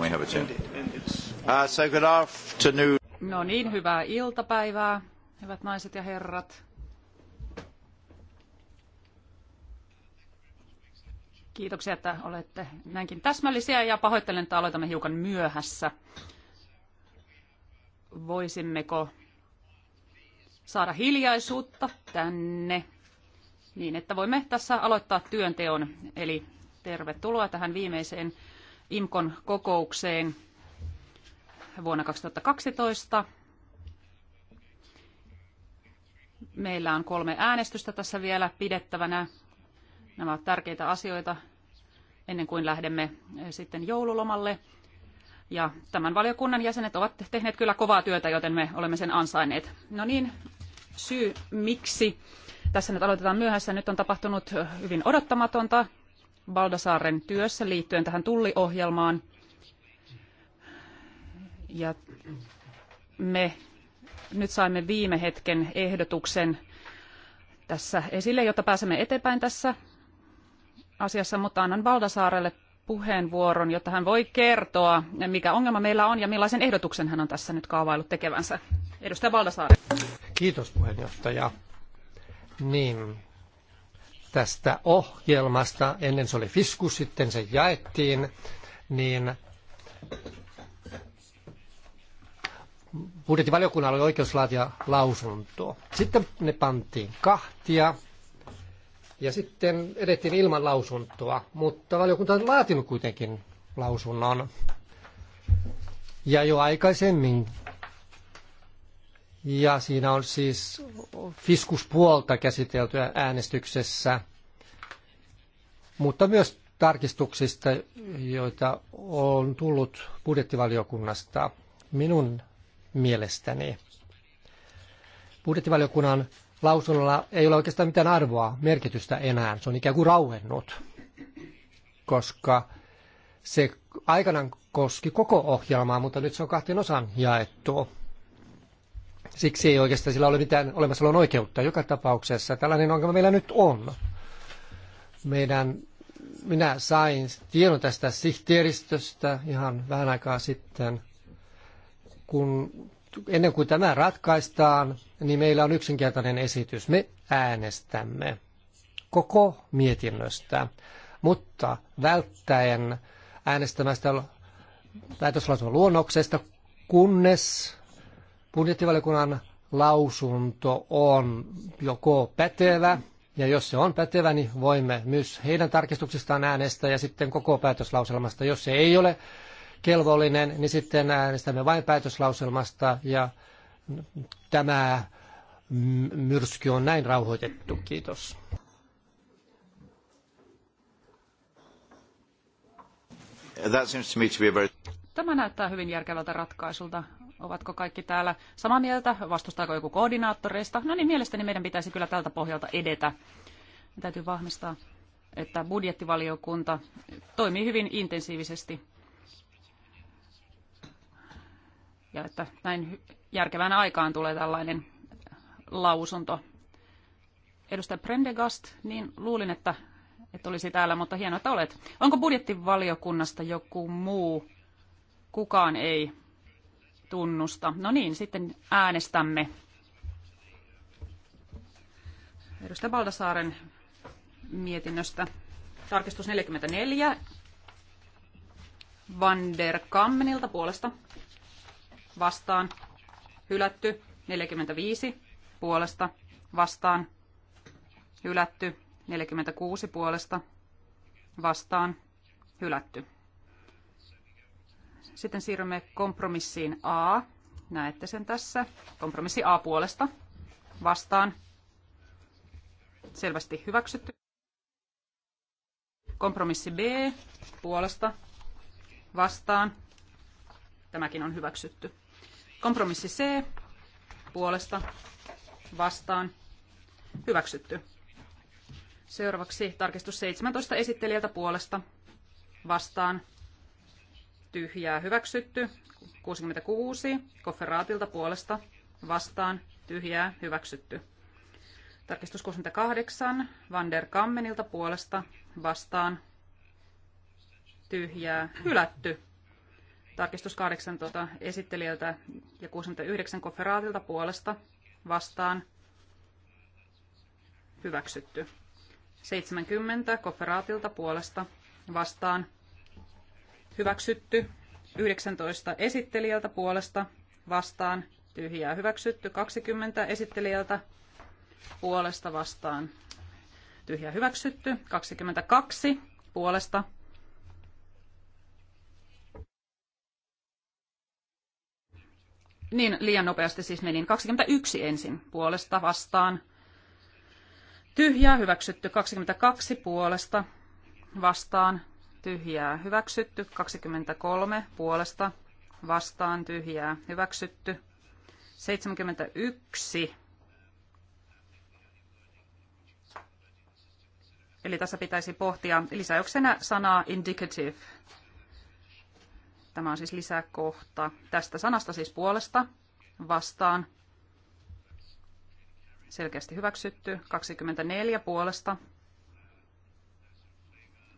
we have a Uh, so good afternoon. No niin, hyvää iltapäivää, hyvät naiset ja herrat. Kiitoksia, että olette näinkin täsmällisiä ja pahoittelen, että aloitamme hiukan myöhässä. Voisimmeko saada hiljaisuutta tänne niin, että voimme tässä aloittaa työnteon. Eli tervetuloa tähän viimeiseen IMKON kokoukseen vuonna 2012. Meillä on kolme äänestystä tässä vielä pidettävänä. Nämä ovat tärkeitä asioita ennen kuin lähdemme eh, sitten joululomalle. Ja tämän valiokunnan jäsenet ovat tehneet kyllä kovaa työtä, joten me olemme sen ansainneet. No niin, syy miksi tässä nyt aloitetaan myöhässä. Nyt on tapahtunut eh, hyvin odottamatonta. Baldasaaren työssä liittyen tähän tulliohjelmaan. Ja me nyt saimme viime hetken ehdotuksen tässä esille, jotta pääsemme eteenpäin tässä asiassa, mutta annan Valdasaarelle puheenvuoron, jotta hän voi kertoa, mikä ongelma meillä on ja millaisen ehdotuksen hän on tässä nyt kaavaillut tekevänsä. Edustaja Valdasaari. Kiitos puheenjohtaja. Niin, tästä ohjelmasta, ennen se oli Fiskus, sitten se jaettiin, niin budjettivaliokunnalla oli oikeus laatia lausuntoa. Sitten ne pantiin kahtia ja sitten edettiin ilman lausuntoa, mutta valiokunta on laatinut kuitenkin lausunnon. Ja jo aikaisemmin ja siinä on siis fiskuspuolta käsiteltyä äänestyksessä, mutta myös tarkistuksista, joita on tullut budjettivaliokunnasta minun mielestäni. Budjettivaliokunnan lausunnolla ei ole oikeastaan mitään arvoa, merkitystä enää. Se on ikään kuin rauennut, koska se aikanaan koski koko ohjelmaa, mutta nyt se on kahteen osaan jaettu. Siksi ei oikeastaan sillä ole mitään olemassaolon oikeutta. Joka tapauksessa tällainen ongelma meillä nyt on. Meidän, minä sain tiedon tästä sihteeristöstä ihan vähän aikaa sitten, kun ennen kuin tämä ratkaistaan, niin meillä on yksinkertainen esitys. Me äänestämme koko mietinnöstä, mutta välttäen äänestämästä päätöslausun luonnoksesta, kunnes budjettivaliokunnan lausunto on joko pätevä, ja jos se on pätevä, niin voimme myös heidän tarkistuksistaan äänestää ja sitten koko päätöslauselmasta. Jos se ei ole kelvollinen, niin sitten äänestämme vain päätöslauselmasta ja tämä myrsky on näin rauhoitettu. Kiitos. That seems to me to be a very... Tämä näyttää hyvin järkevältä ratkaisulta. Ovatko kaikki täällä samaa mieltä? Vastustaako joku koordinaattoreista? No niin, mielestäni meidän pitäisi kyllä tältä pohjalta edetä. Me täytyy vahvistaa, että budjettivaliokunta toimii hyvin intensiivisesti ja että näin järkevään aikaan tulee tällainen lausunto. Edustaja Prendegast, niin luulin, että et olisi täällä, mutta hienoa, että olet. Onko budjettivaliokunnasta joku muu? Kukaan ei tunnusta. No niin, sitten äänestämme. Edustaja Baldasaaren mietinnöstä. Tarkistus 44. Van der Kammenilta puolesta. Vastaan. Hylätty. 45 puolesta. Vastaan. Hylätty. 46 puolesta. Vastaan. Hylätty. Sitten siirrymme kompromissiin A. Näette sen tässä. Kompromissi A puolesta vastaan. Selvästi hyväksytty. Kompromissi B puolesta vastaan. Tämäkin on hyväksytty. Kompromissi C puolesta vastaan. Hyväksytty. Seuraavaksi tarkistus 17 esittelijältä puolesta vastaan tyhjää hyväksytty. 66 kofferaatilta puolesta vastaan tyhjää hyväksytty. Tarkistus 68 Van der Kammenilta puolesta vastaan tyhjää hylätty. Tarkistus tuota esittelijältä ja 69 konferaatilta puolesta vastaan hyväksytty. 70 konferaatilta puolesta vastaan hyväksytty. 19 esittelijältä puolesta vastaan tyhjää hyväksytty. 20 esittelijältä puolesta vastaan tyhjää hyväksytty. 22 puolesta Niin, liian nopeasti siis menin. 21 ensin puolesta vastaan. Tyhjää hyväksytty 22 puolesta vastaan tyhjää hyväksytty, 23 puolesta vastaan tyhjää hyväksytty, 71. Eli tässä pitäisi pohtia lisäyksenä sanaa indicative. Tämä on siis lisäkohta. Tästä sanasta siis puolesta vastaan selkeästi hyväksytty, 24 puolesta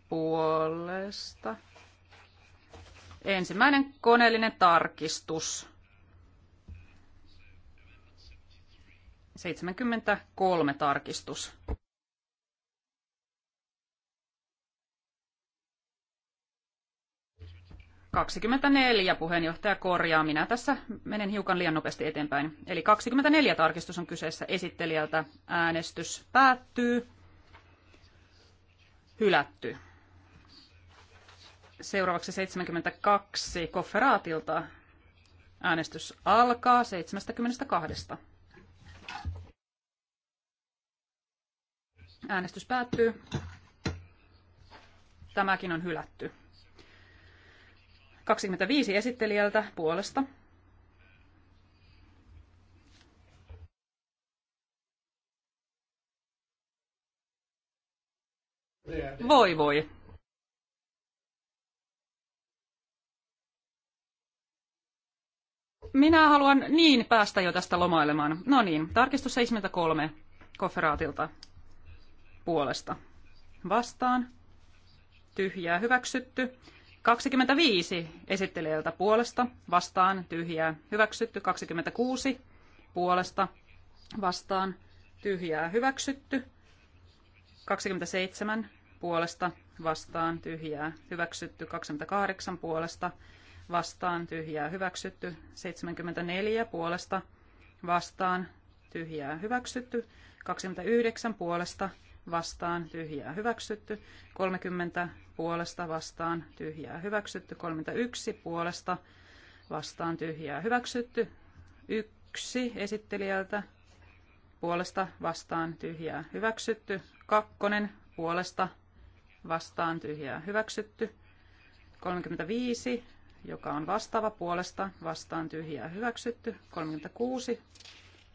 puolesta. Ensimmäinen koneellinen tarkistus. 73 tarkistus. Kaksikymmentäneljä puheenjohtaja korjaa. Minä tässä menen hiukan liian nopeasti eteenpäin. Eli 24 tarkistus on kyseessä esittelijältä. Äänestys päättyy. Hylätty. Seuraavaksi 72 Kofferaatilta. Äänestys alkaa 72. Äänestys päättyy. Tämäkin on hylätty. 25 esittelijältä puolesta. Voi voi. Minä haluan niin päästä jo tästä lomailemaan. No niin, tarkistus 73 koferaatilta puolesta. Vastaan. Tyhjää hyväksytty. 25 esittelijältä puolesta. Vastaan. Tyhjää hyväksytty. 26 puolesta. Vastaan. Tyhjää hyväksytty. 27 puolesta. Vastaan. Tyhjää hyväksytty. 28 puolesta vastaan tyhjää hyväksytty, 74 puolesta vastaan tyhjää hyväksytty, 29 puolesta vastaan tyhjää hyväksytty, 30 puolesta vastaan tyhjää hyväksytty, 31 puolesta vastaan tyhjää hyväksytty, yksi esittelijältä puolesta vastaan tyhjää hyväksytty, kakkonen puolesta vastaan tyhjää hyväksytty, 35 joka on vastaava puolesta, vastaan tyhjää hyväksytty. 36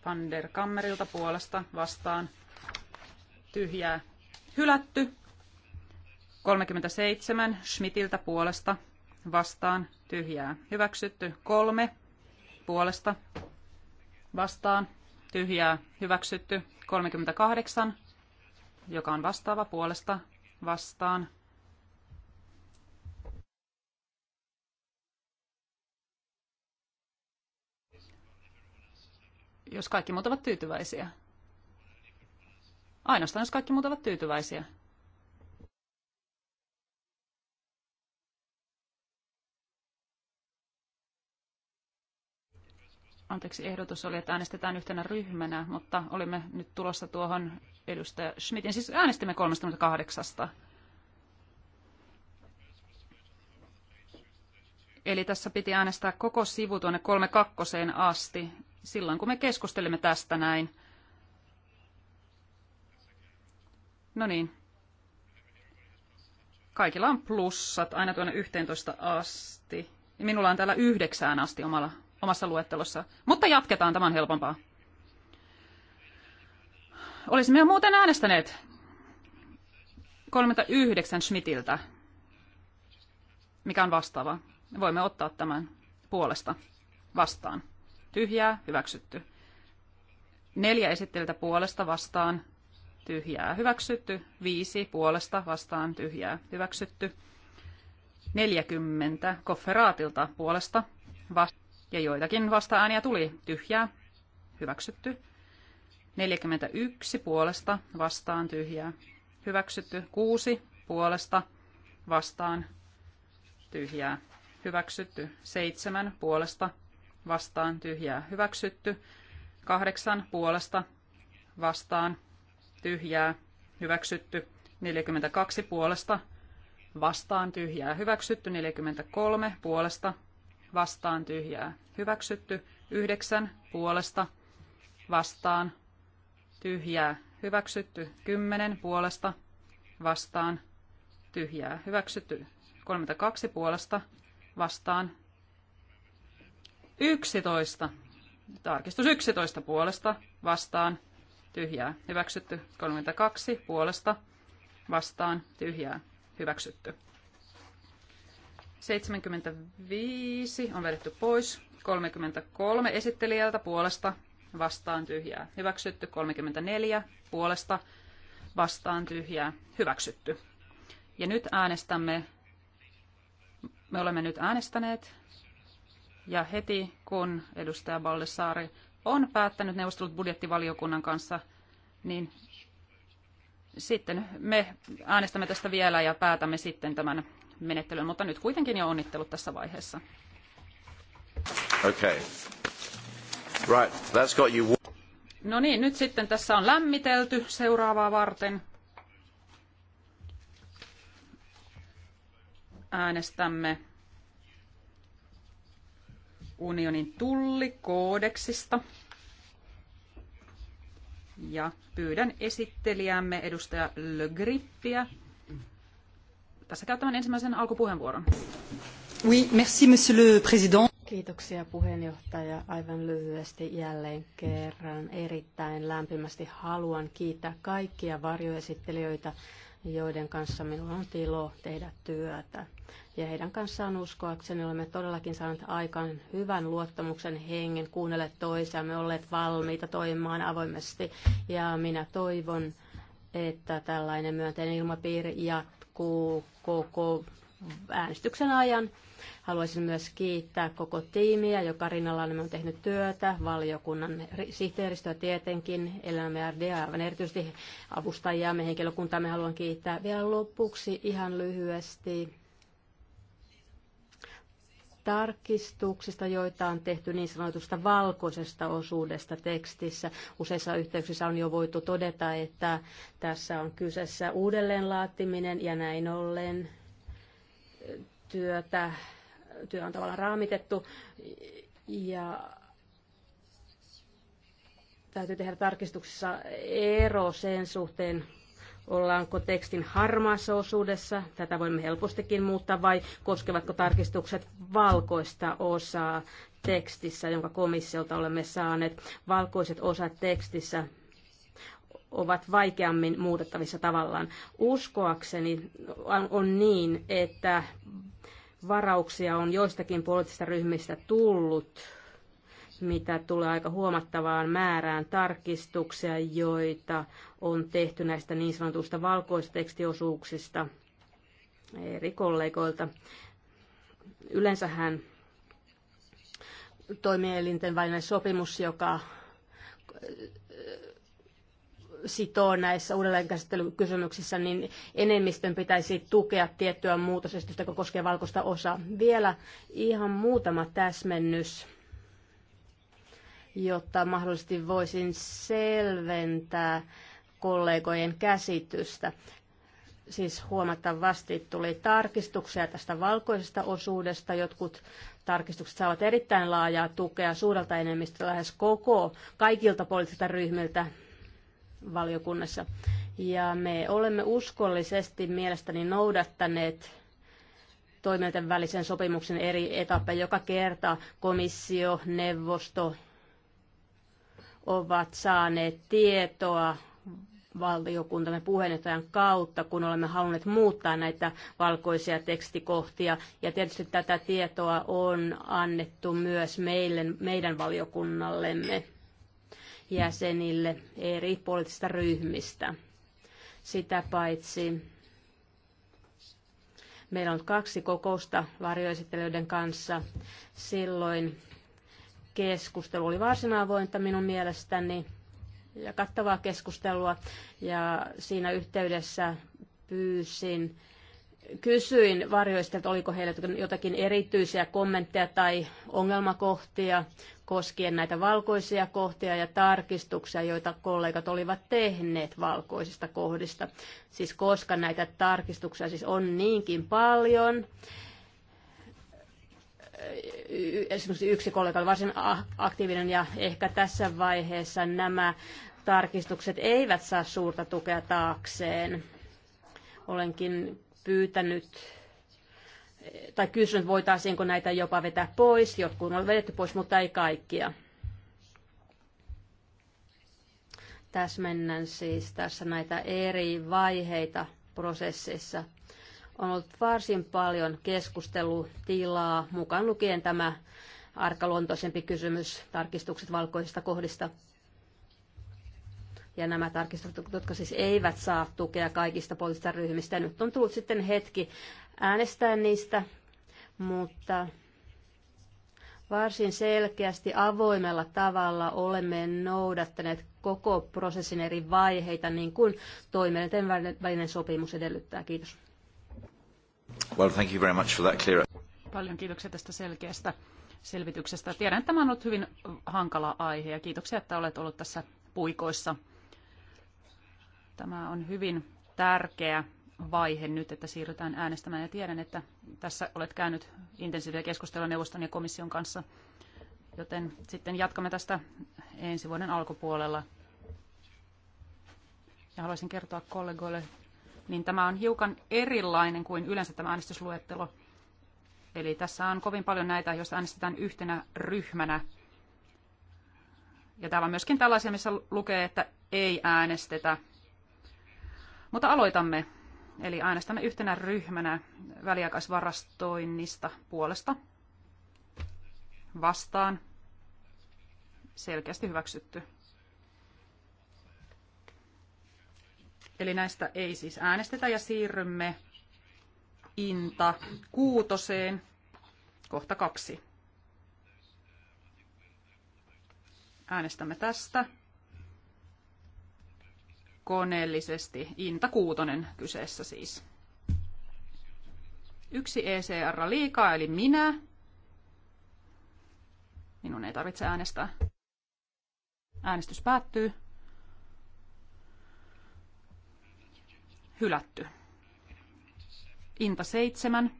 Van der Kammerilta puolesta, vastaan tyhjää hylätty. 37 Schmidtiltä puolesta, vastaan tyhjää hyväksytty. 3 puolesta, vastaan tyhjää hyväksytty. 38 joka on vastaava puolesta, vastaan jos kaikki muut ovat tyytyväisiä. Ainoastaan, jos kaikki muut ovat tyytyväisiä. anteeksi, ehdotus oli, että äänestetään yhtenä ryhmänä, mutta olimme nyt tulossa tuohon edustaja Schmidtin. Siis äänestimme 38. Eli tässä piti äänestää koko sivu tuonne 32 asti silloin, kun me keskustelemme tästä näin. No niin. Kaikilla on plussat aina tuonne 11 asti. Minulla on täällä yhdeksään asti omalla, omassa luettelossa. Mutta jatketaan, tämän helpompaa. Olisimme jo muuten äänestäneet 39 Schmidtiltä, mikä on vastaava. Voimme ottaa tämän puolesta vastaan tyhjää, hyväksytty. Neljä esittelijältä puolesta vastaan, tyhjää, hyväksytty. Viisi puolesta vastaan, tyhjää, hyväksytty. 40 kofferaatilta puolesta ja joitakin vasta-ääniä tuli tyhjää, hyväksytty. 41 puolesta vastaan tyhjää, hyväksytty. 6 puolesta vastaan tyhjää, hyväksytty. 7 puolesta vastaan tyhjää hyväksytty. Kahdeksan puolesta vastaan tyhjää hyväksytty. 42 puolesta vastaan tyhjää hyväksytty. 43 puolesta vastaan tyhjää hyväksytty. 9 puolesta vastaan tyhjää hyväksytty. 10 puolesta vastaan tyhjää hyväksytty. 32 puolesta vastaan 11. Tarkistus 11 puolesta vastaan tyhjää. Hyväksytty 32 puolesta vastaan tyhjää. Hyväksytty. 75 on vedetty pois. 33 esittelijältä puolesta vastaan tyhjää. Hyväksytty 34 puolesta vastaan tyhjää. Hyväksytty. Ja nyt äänestämme, me olemme nyt äänestäneet ja heti kun edustaja Baldessari on päättänyt neuvostelut budjettivaliokunnan kanssa, niin sitten me äänestämme tästä vielä ja päätämme sitten tämän menettelyn, mutta nyt kuitenkin jo onnittelut tässä vaiheessa. Okay. Right, that's got you... No niin, nyt sitten tässä on lämmitelty seuraavaa varten. Äänestämme unionin tullikoodeksista. Ja pyydän esittelijämme edustaja Le Grippiä tässä käyttämään ensimmäisen alkupuheenvuoron. Oui, merci, monsieur le président. Kiitoksia puheenjohtaja. Aivan lyhyesti jälleen kerran erittäin lämpimästi haluan kiittää kaikkia varjoesittelijöitä, joiden kanssa minulla on ilo tehdä työtä. Ja heidän kanssaan uskoakseni olemme todellakin saaneet aikaan hyvän luottamuksen hengen, kuunnelle toisiamme, olleet valmiita toimimaan avoimesti. Ja minä toivon, että tällainen myönteinen ilmapiiri jatkuu koko äänestyksen ajan. Haluaisin myös kiittää koko tiimiä, joka rinnalla on tehnyt työtä, valiokunnan sihteeristöä tietenkin, elämme ja aivan erityisesti avustajia, me me haluan kiittää. Vielä lopuksi ihan lyhyesti tarkistuksista, joita on tehty niin sanotusta valkoisesta osuudesta tekstissä. Useissa yhteyksissä on jo voitu todeta, että tässä on kyseessä uudelleenlaattiminen ja näin ollen työtä, työ on tavallaan raamitettu ja täytyy tehdä tarkistuksissa ero sen suhteen, Ollaanko tekstin harmaassa osuudessa, tätä voimme helpostikin muuttaa, vai koskevatko tarkistukset valkoista osaa tekstissä, jonka komissiolta olemme saaneet. Valkoiset osat tekstissä ovat vaikeammin muutettavissa tavallaan. Uskoakseni on niin, että varauksia on joistakin poliittisista ryhmistä tullut mitä tulee aika huomattavaan määrään tarkistuksia, joita on tehty näistä niin sanotuista valkoista tekstiosuuksista eri kollegoilta. Yleensähän toimielinten välinen sopimus, joka äh, sitoo näissä uudelleenkäsittelykysymyksissä, niin enemmistön pitäisi tukea tiettyä muutosesitystä, joka koskee valkoista osaa. Vielä ihan muutama täsmennys jotta mahdollisesti voisin selventää kollegojen käsitystä. Siis huomattavasti tuli tarkistuksia tästä valkoisesta osuudesta. Jotkut tarkistukset saavat erittäin laajaa tukea suurelta enemmistö lähes koko kaikilta poliittisilta ryhmiltä valiokunnassa. Ja me olemme uskollisesti mielestäni noudattaneet toimijoiden välisen sopimuksen eri etappeja joka kerta komissio, neuvosto ovat saaneet tietoa valiokuntamme puheenjohtajan kautta, kun olemme halunneet muuttaa näitä valkoisia tekstikohtia. Ja tietysti tätä tietoa on annettu myös meille, meidän valiokunnallemme jäsenille eri poliittisista ryhmistä. Sitä paitsi meillä on kaksi kokousta varjoesittelyiden kanssa. Silloin keskustelu oli varsin avointa minun mielestäni ja kattavaa keskustelua ja siinä yhteydessä pyysin Kysyin että oliko heillä jotakin erityisiä kommentteja tai ongelmakohtia koskien näitä valkoisia kohtia ja tarkistuksia, joita kollegat olivat tehneet valkoisista kohdista. Siis koska näitä tarkistuksia siis on niinkin paljon, esimerkiksi yksi kollega oli varsin aktiivinen ja ehkä tässä vaiheessa nämä tarkistukset eivät saa suurta tukea taakseen. Olenkin pyytänyt tai kysynyt, voitaisiinko näitä jopa vetää pois. Jotkut on vedetty pois, mutta ei kaikkia. Tässä mennään siis tässä näitä eri vaiheita prosessissa – on ollut varsin paljon keskustelutilaa, mukaan lukien tämä arkaluontoisempi kysymys, tarkistukset valkoisista kohdista. Ja nämä tarkistukset, jotka siis eivät saa tukea kaikista poliittisista ryhmistä. Nyt on tullut sitten hetki äänestää niistä, mutta varsin selkeästi avoimella tavalla olemme noudattaneet koko prosessin eri vaiheita, niin kuin toimielinten välinen sopimus edellyttää. Kiitos. Well, thank you very much for that clear... Paljon kiitoksia tästä selkeästä selvityksestä. Tiedän, että tämä on ollut hyvin hankala aihe ja kiitoksia, että olet ollut tässä puikoissa. Tämä on hyvin tärkeä vaihe nyt, että siirrytään äänestämään ja tiedän, että tässä olet käynyt intensiivisiä keskustelua neuvoston ja komission kanssa, joten sitten jatkamme tästä ensi vuoden alkupuolella. Ja haluaisin kertoa kollegoille niin tämä on hiukan erilainen kuin yleensä tämä äänestysluettelo. Eli tässä on kovin paljon näitä, joista äänestetään yhtenä ryhmänä. Ja täällä on myöskin tällaisia, missä lukee, että ei äänestetä. Mutta aloitamme. Eli äänestämme yhtenä ryhmänä väliaikaisvarastoinnista puolesta vastaan. Selkeästi hyväksytty. Eli näistä ei siis äänestetä ja siirrymme Inta kuutoseen, kohta kaksi. Äänestämme tästä koneellisesti. Inta kuutonen kyseessä siis. Yksi ECR liikaa, eli minä. Minun ei tarvitse äänestää. Äänestys päättyy. hylätty. Inta 7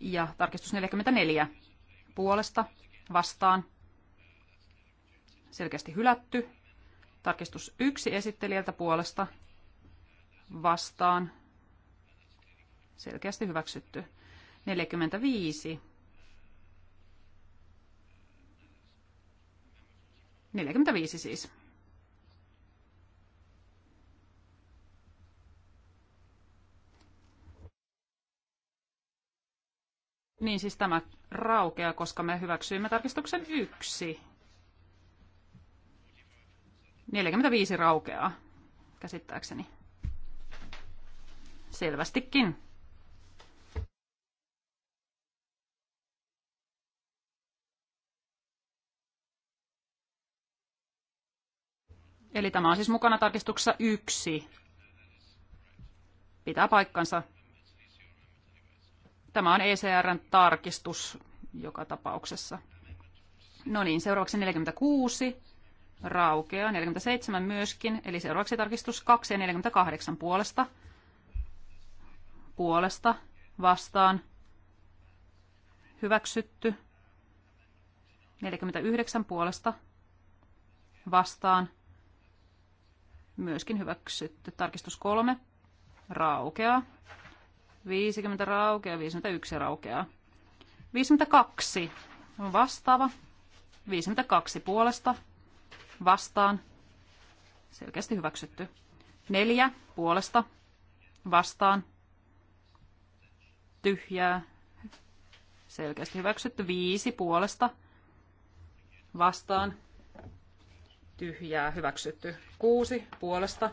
ja tarkistus 44 puolesta vastaan selkeästi hylätty. Tarkistus 1 esittelijältä puolesta vastaan selkeästi hyväksytty. 45 45 siis. Niin siis tämä raukeaa, koska me hyväksyimme tarkistuksen yksi. 45 raukeaa, käsittääkseni. Selvästikin. Eli tämä on siis mukana tarkistuksessa yksi. Pitää paikkansa. Tämä on ECRn tarkistus joka tapauksessa. No niin, seuraavaksi 46 raukeaa, 47 myöskin, eli seuraavaksi tarkistus 2 ja 48 puolesta. Puolesta vastaan hyväksytty. 49 puolesta vastaan myöskin hyväksytty. Tarkistus 3 raukeaa. 50 raukeaa, 51 raukeaa. 52 on vastaava. 52 puolesta vastaan. Selkeästi hyväksytty. 4 puolesta vastaan. Tyhjää. Selkeästi hyväksytty. 5 puolesta vastaan. Tyhjää hyväksytty. 6 puolesta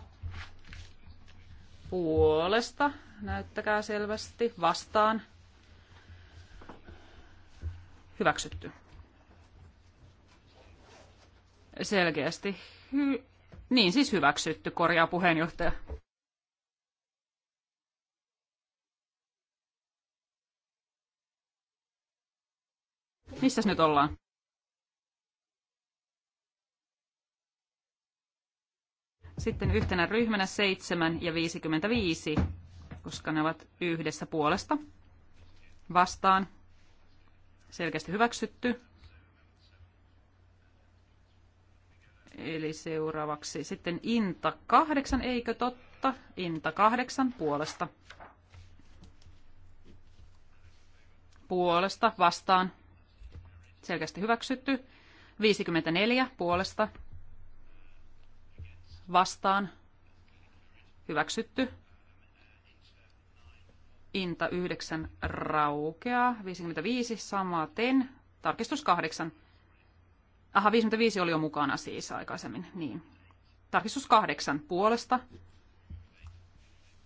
puolesta, näyttäkää selvästi, vastaan, hyväksytty. Selkeästi. Hy- niin siis hyväksytty, korjaa puheenjohtaja. Missäs nyt ollaan? Sitten yhtenä ryhmänä 7 ja 55, koska ne ovat yhdessä puolesta. Vastaan. Selkeästi hyväksytty. Eli seuraavaksi sitten Inta 8, eikö totta? Inta 8 puolesta. Puolesta vastaan. Selkeästi hyväksytty. 54 puolesta vastaan hyväksytty. Inta 9 raukeaa, 55 samaten, tarkistus 8. Aha, 55 oli jo mukana siis aikaisemmin, niin. Tarkistus 8 puolesta.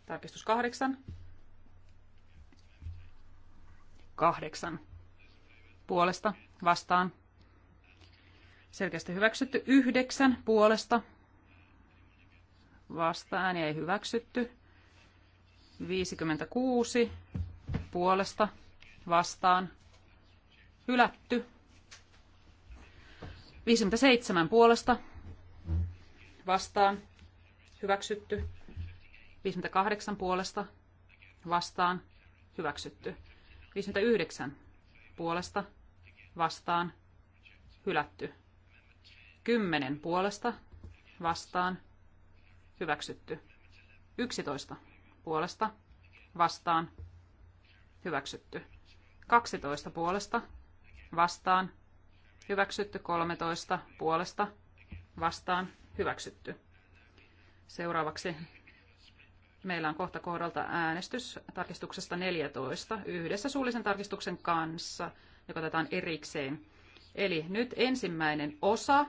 Tarkistus 8. 8 puolesta vastaan. Selkeästi hyväksytty 9 puolesta vastaan ei hyväksytty. 56 puolesta vastaan hylätty. 57 puolesta vastaan hyväksytty. 58 puolesta vastaan hyväksytty. 59 puolesta vastaan hylätty. 10 puolesta vastaan Hyväksytty. 11. Puolesta. Vastaan. Hyväksytty. 12. Puolesta. Vastaan. Hyväksytty. 13. Puolesta. Vastaan. Hyväksytty. Seuraavaksi meillä on kohta kohdalta äänestys tarkistuksesta 14 yhdessä suullisen tarkistuksen kanssa, joka otetaan erikseen. Eli nyt ensimmäinen osa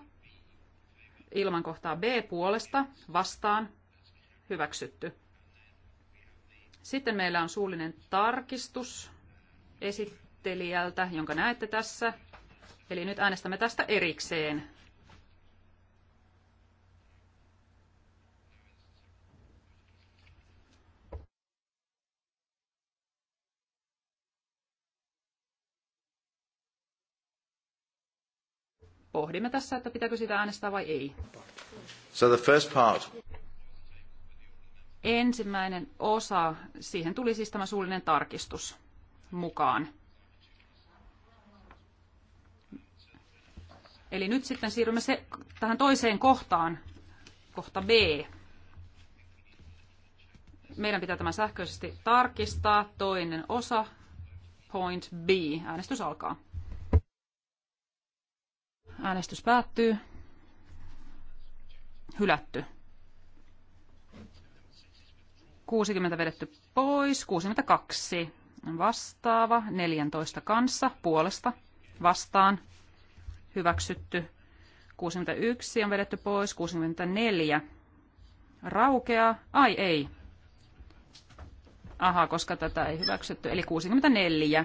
ilman kohtaa B puolesta vastaan hyväksytty. Sitten meillä on suullinen tarkistus esittelijältä, jonka näette tässä. Eli nyt äänestämme tästä erikseen. pohdimme tässä, että pitääkö sitä äänestää vai ei. So the first part. Ensimmäinen osa, siihen tuli siis tämä suullinen tarkistus mukaan. Eli nyt sitten siirrymme se, tähän toiseen kohtaan, kohta B. Meidän pitää tämä sähköisesti tarkistaa. Toinen osa, point B. Äänestys alkaa. Äänestys päättyy. Hylätty. 60 vedetty pois, 62 vastaava, 14 kanssa, puolesta, vastaan, hyväksytty, 61 on vedetty pois, 64 raukeaa, ai ei, aha, koska tätä ei hyväksytty, eli 64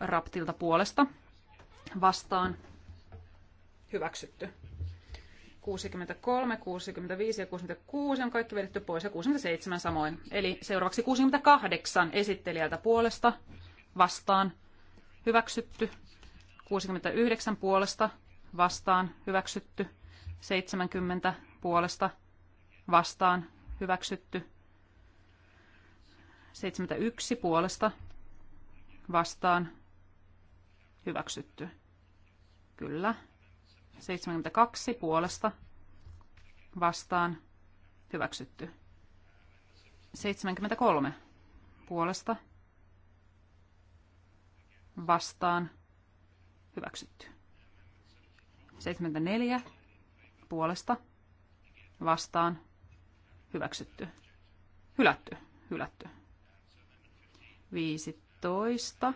raptilta puolesta, vastaan hyväksytty. 63, 65 ja 66 on kaikki vedetty pois ja 67 samoin. Eli seuraavaksi 68 esittelijältä puolesta vastaan hyväksytty. 69 puolesta vastaan hyväksytty. 70 puolesta vastaan hyväksytty. 71 puolesta vastaan hyväksytty. Kyllä. 72 puolesta vastaan hyväksytty. 73 puolesta vastaan hyväksytty. 74 puolesta vastaan hyväksytty. Hylätty, hylätty. 15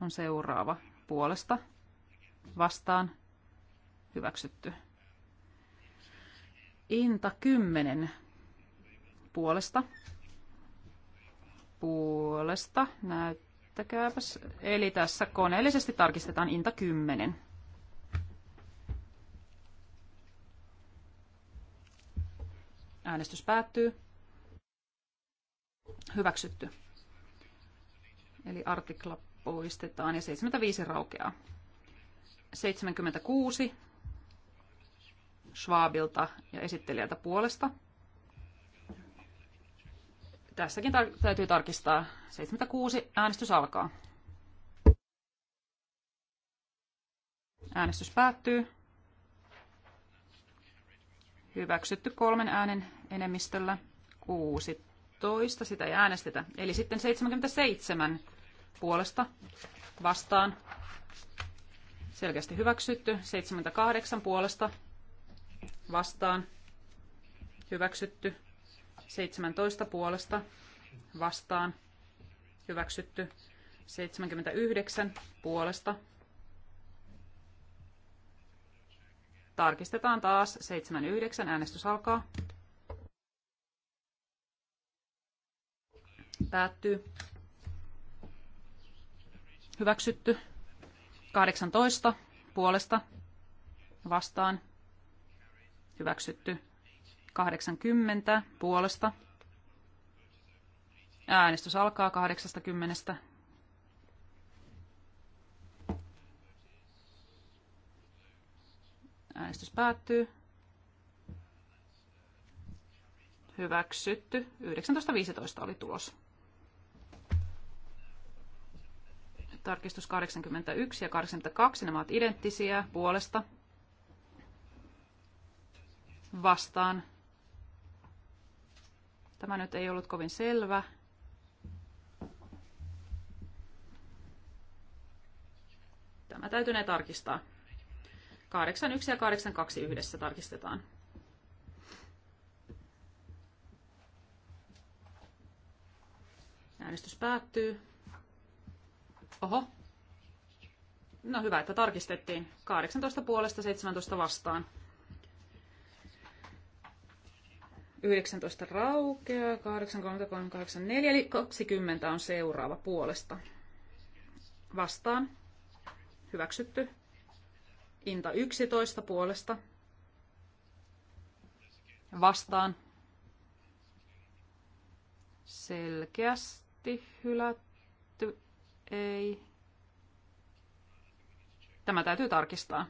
on seuraava puolesta vastaan hyväksytty. Inta 10 puolesta. Puolesta näyttäkääpäs. Eli tässä koneellisesti tarkistetaan Inta 10. Äänestys päättyy. Hyväksytty. Eli artikla poistetaan ja 75 raukeaa. 76 Schwabilta ja esittelijältä puolesta. Tässäkin tar- täytyy tarkistaa. 76 äänestys alkaa. Äänestys päättyy. Hyväksytty kolmen äänen enemmistöllä. 16. Sitä ei äänestetä. Eli sitten 77 puolesta vastaan Selkeästi hyväksytty. 78 puolesta vastaan. Hyväksytty. 17 puolesta vastaan. Hyväksytty. 79 puolesta. Tarkistetaan taas. 79 äänestys alkaa. Päättyy. Hyväksytty. 18 puolesta vastaan hyväksytty. 80 puolesta. Äänestys alkaa 80. Äänestys päättyy. Hyväksytty. 19.15 oli tulos. Tarkistus 81 ja 82, nämä ovat identtisiä puolesta. Vastaan. Tämä nyt ei ollut kovin selvä. Tämä ne tarkistaa. 81 ja 82 yhdessä tarkistetaan. Äänestys päättyy. Oho. No hyvä, että tarkistettiin. 18 puolesta 17 vastaan. 19 raukeaa, 8, eli 20 on seuraava puolesta. Vastaan. Hyväksytty. Inta 11 puolesta. Vastaan. Selkeästi hylätty. Ei. Tämä täytyy tarkistaa.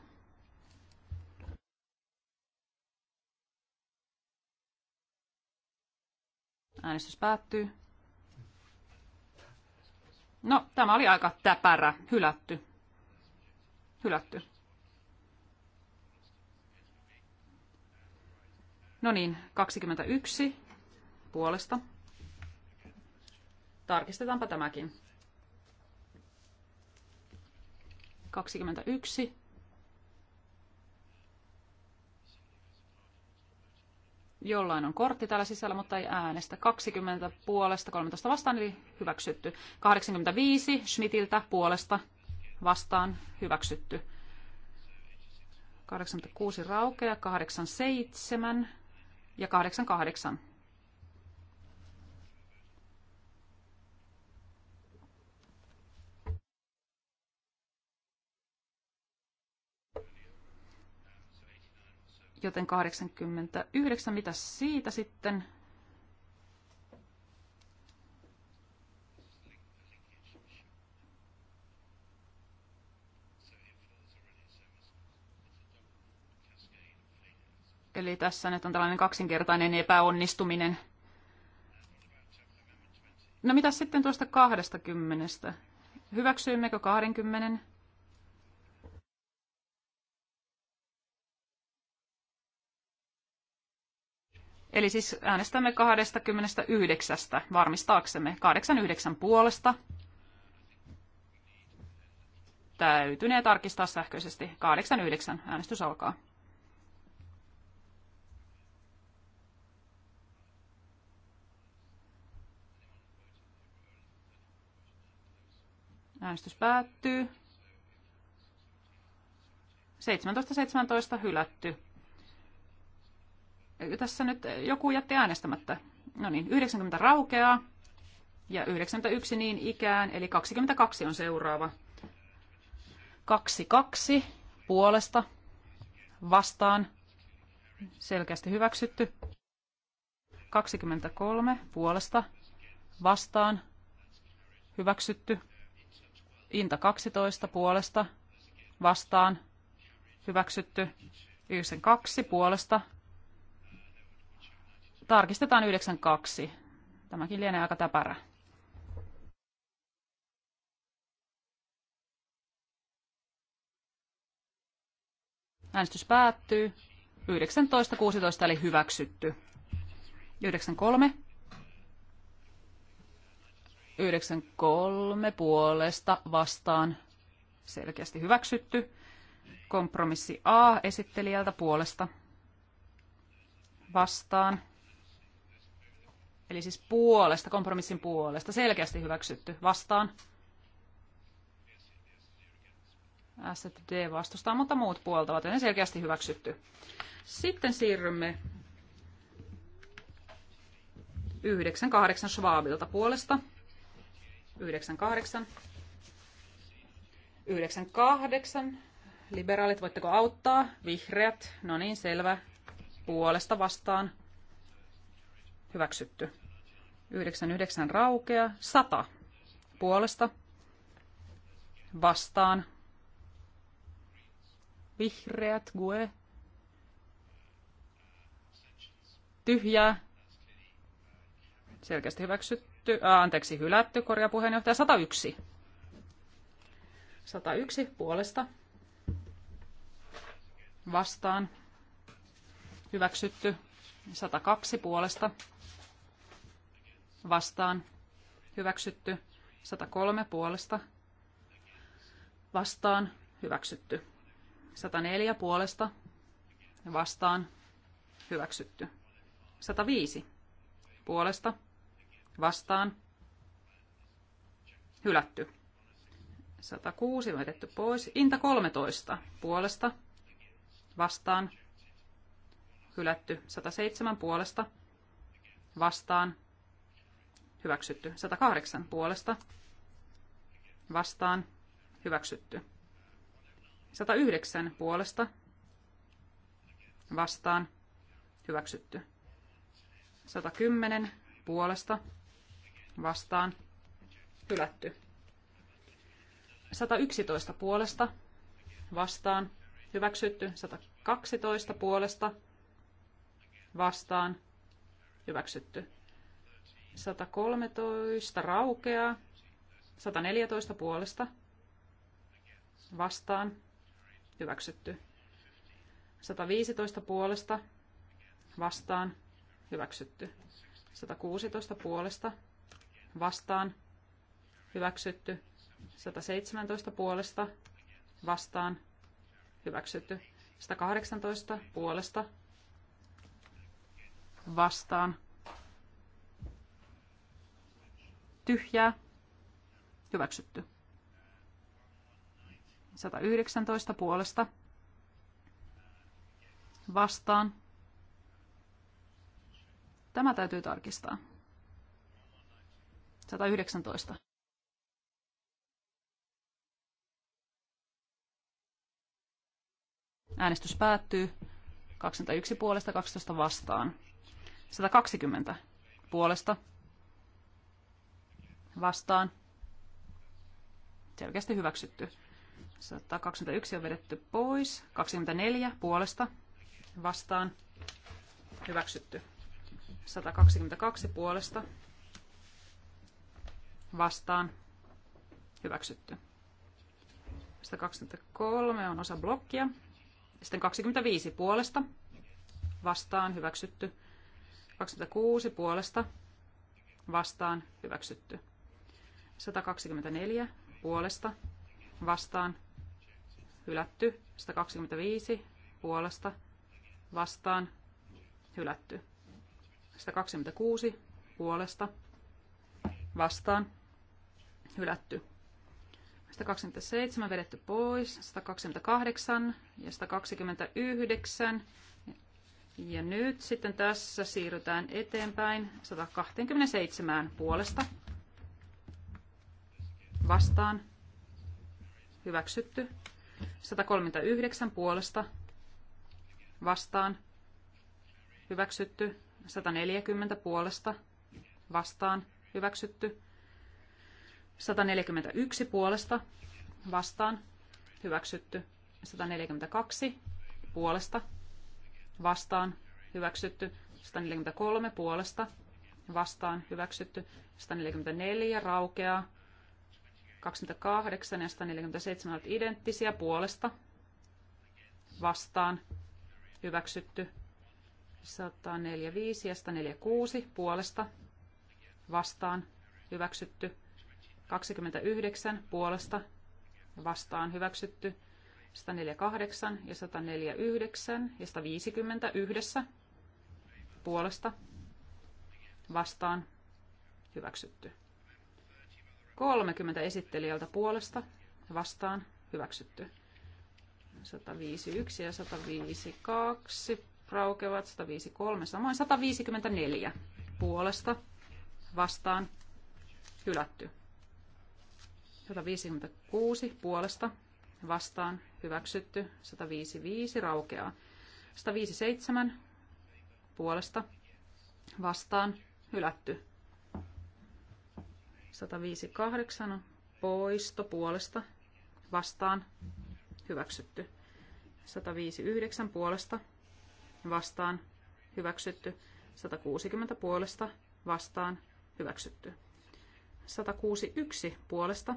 Äänestys päättyy. No, tämä oli aika täpärä, hylätty. Hylätty. No niin, 21 puolesta. Tarkistetaanpa tämäkin. 21. Jollain on kortti täällä sisällä, mutta ei äänestä. 20 puolesta, 13 vastaan, eli hyväksytty. 85 Schmidtiltä puolesta vastaan hyväksytty. 86 raukea, 87 ja 88 joten 89, mitä siitä sitten? Eli tässä nyt on tällainen kaksinkertainen epäonnistuminen. No mitä sitten tuosta 20? Hyväksyimmekö 20? Eli siis äänestämme 29 varmistaaksemme 89 puolesta. Täytynee tarkistaa sähköisesti. 89 äänestys alkaa. Äänestys päättyy. 17.17 17, hylätty. Tässä nyt joku jätti äänestämättä. No niin, 90 raukeaa ja 91 niin ikään, eli 22 on seuraava. 22 puolesta vastaan selkeästi hyväksytty. 23 puolesta vastaan hyväksytty. Inta 12 puolesta vastaan hyväksytty. 92 puolesta Tarkistetaan 92. Tämäkin lienee aika täpärä. Äänestys päättyy. 19.16 eli hyväksytty. 93. 93 puolesta vastaan selkeästi hyväksytty. Kompromissi A esittelijältä puolesta vastaan Eli siis puolesta, kompromissin puolesta, selkeästi hyväksytty vastaan. SD vastustaa, mutta muut puoltavat, joten selkeästi hyväksytty. Sitten siirrymme 98 Schwabilta puolesta. 98. 98. Liberaalit, voitteko auttaa? Vihreät, no niin, selvä. Puolesta vastaan hyväksytty. 99 raukea, 100 puolesta, vastaan, vihreät, gue, tyhjää, selkeästi hyväksytty, äh, anteeksi, hylätty, korjaa puheenjohtaja, 101. 101 puolesta, vastaan, hyväksytty, 102 puolesta, vastaan hyväksytty. 103 puolesta vastaan hyväksytty. 104 puolesta vastaan hyväksytty. 105 puolesta vastaan hylätty. 106 on pois. Inta 13 puolesta vastaan hylätty. 107 puolesta vastaan hyväksytty. 108 puolesta vastaan hyväksytty. 109 puolesta vastaan hyväksytty. 110 puolesta vastaan hylätty. 111 puolesta vastaan hyväksytty. 112 puolesta vastaan hyväksytty. 113 raukeaa. 114 puolesta vastaan hyväksytty. 115 puolesta vastaan hyväksytty. 116 puolesta vastaan hyväksytty. 117 puolesta vastaan hyväksytty. 118 puolesta vastaan tyhjää, hyväksytty. 119 puolesta vastaan. Tämä täytyy tarkistaa. 119. Äänestys päättyy 21 puolesta 12 vastaan. 120 puolesta vastaan. Selkeästi hyväksytty. 121 on vedetty pois. 24 puolesta vastaan. Hyväksytty. 122 puolesta vastaan. Hyväksytty. 123 on osa blokkia. Sitten 25 puolesta vastaan. Hyväksytty. 26 puolesta vastaan. Hyväksytty. 124 puolesta vastaan hylätty. 125 puolesta vastaan hylätty. 126 puolesta vastaan hylätty. 127 vedetty pois, 128 ja 129. Ja nyt sitten tässä siirrytään eteenpäin 127 puolesta vastaan hyväksytty. 139 puolesta vastaan hyväksytty. 140 puolesta vastaan hyväksytty. 141 puolesta vastaan hyväksytty. 142 puolesta vastaan hyväksytty. 143 puolesta vastaan hyväksytty. 144 raukeaa. 28 ja 147 ovat identtisiä puolesta vastaan hyväksytty 145 ja 146 puolesta vastaan hyväksytty 29 puolesta vastaan hyväksytty 148 ja 149 ja 150 yhdessä puolesta vastaan hyväksytty. 30 esittelijältä puolesta vastaan hyväksytty. 151 ja 152 raukevat, 153 samoin, 154 puolesta vastaan hylätty. 156 puolesta vastaan hyväksytty, 155 raukeaa. 157 puolesta vastaan hylätty. 158 poisto puolesta vastaan hyväksytty. 159 puolesta vastaan hyväksytty. 160 puolesta vastaan hyväksytty. 161 puolesta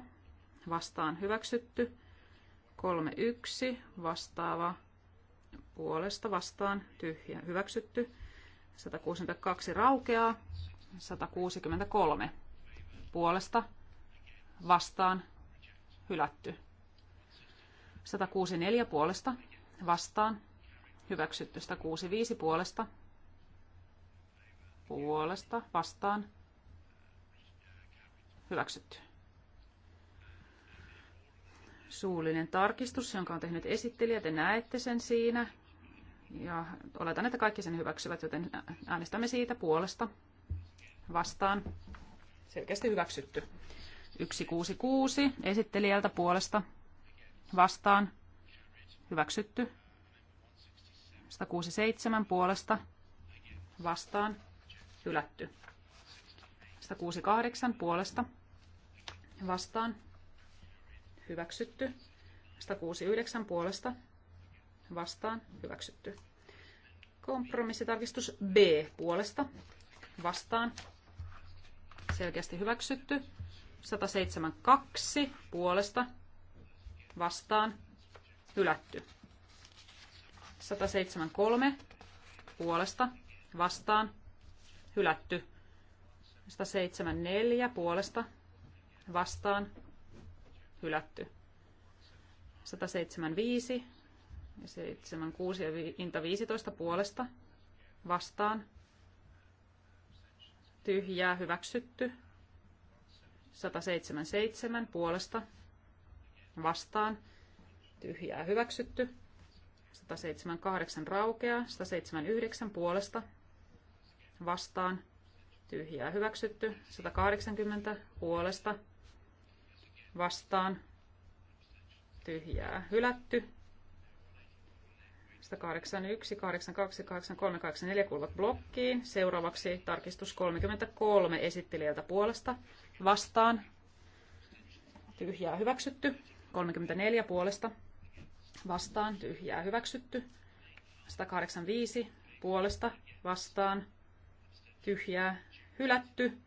vastaan hyväksytty. 31 vastaava puolesta vastaan tyhjä hyväksytty. 162 raukeaa. 163 puolesta vastaan hylätty. 164 puolesta vastaan hyväksytty. 165 puolesta puolesta vastaan hyväksytty. Suullinen tarkistus, jonka on tehnyt esittelijä, te näette sen siinä. Ja oletan, että kaikki sen hyväksyvät, joten äänestämme siitä puolesta vastaan selkeästi hyväksytty. 166 esittelijältä puolesta vastaan hyväksytty. 167 puolesta vastaan hylätty. 168 puolesta vastaan hyväksytty. 169 puolesta vastaan hyväksytty. Kompromissitarkistus B puolesta vastaan selkeästi hyväksytty. 172 puolesta vastaan hylätty. 173 puolesta vastaan hylätty. 174 puolesta vastaan hylätty. 175 ja 76 ja 15 puolesta vastaan tyhjää hyväksytty. 177 puolesta vastaan tyhjää hyväksytty. 178 raukeaa, 179 puolesta vastaan tyhjää hyväksytty, 180 puolesta vastaan tyhjää hylätty, 181, 82, 83, 84 kuuluvat blokkiin. Seuraavaksi tarkistus 33 esittelijältä puolesta vastaan. Tyhjää hyväksytty. 34 puolesta vastaan. Tyhjää hyväksytty. 185 puolesta vastaan. Tyhjää hylätty.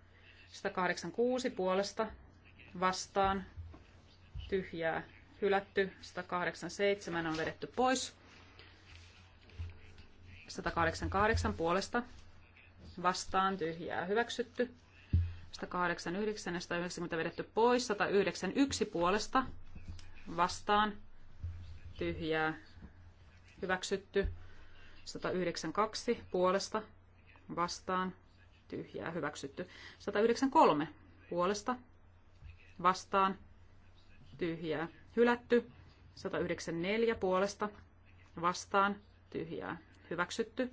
186 puolesta vastaan. Tyhjää hylätty. 187 on vedetty pois. 188 puolesta vastaan tyhjää hyväksytty. 189 ja 190 vedetty pois. 191 puolesta vastaan tyhjää hyväksytty. 192 puolesta vastaan tyhjää hyväksytty. 193 puolesta vastaan tyhjää hylätty. 194 puolesta vastaan tyhjää hyväksytty.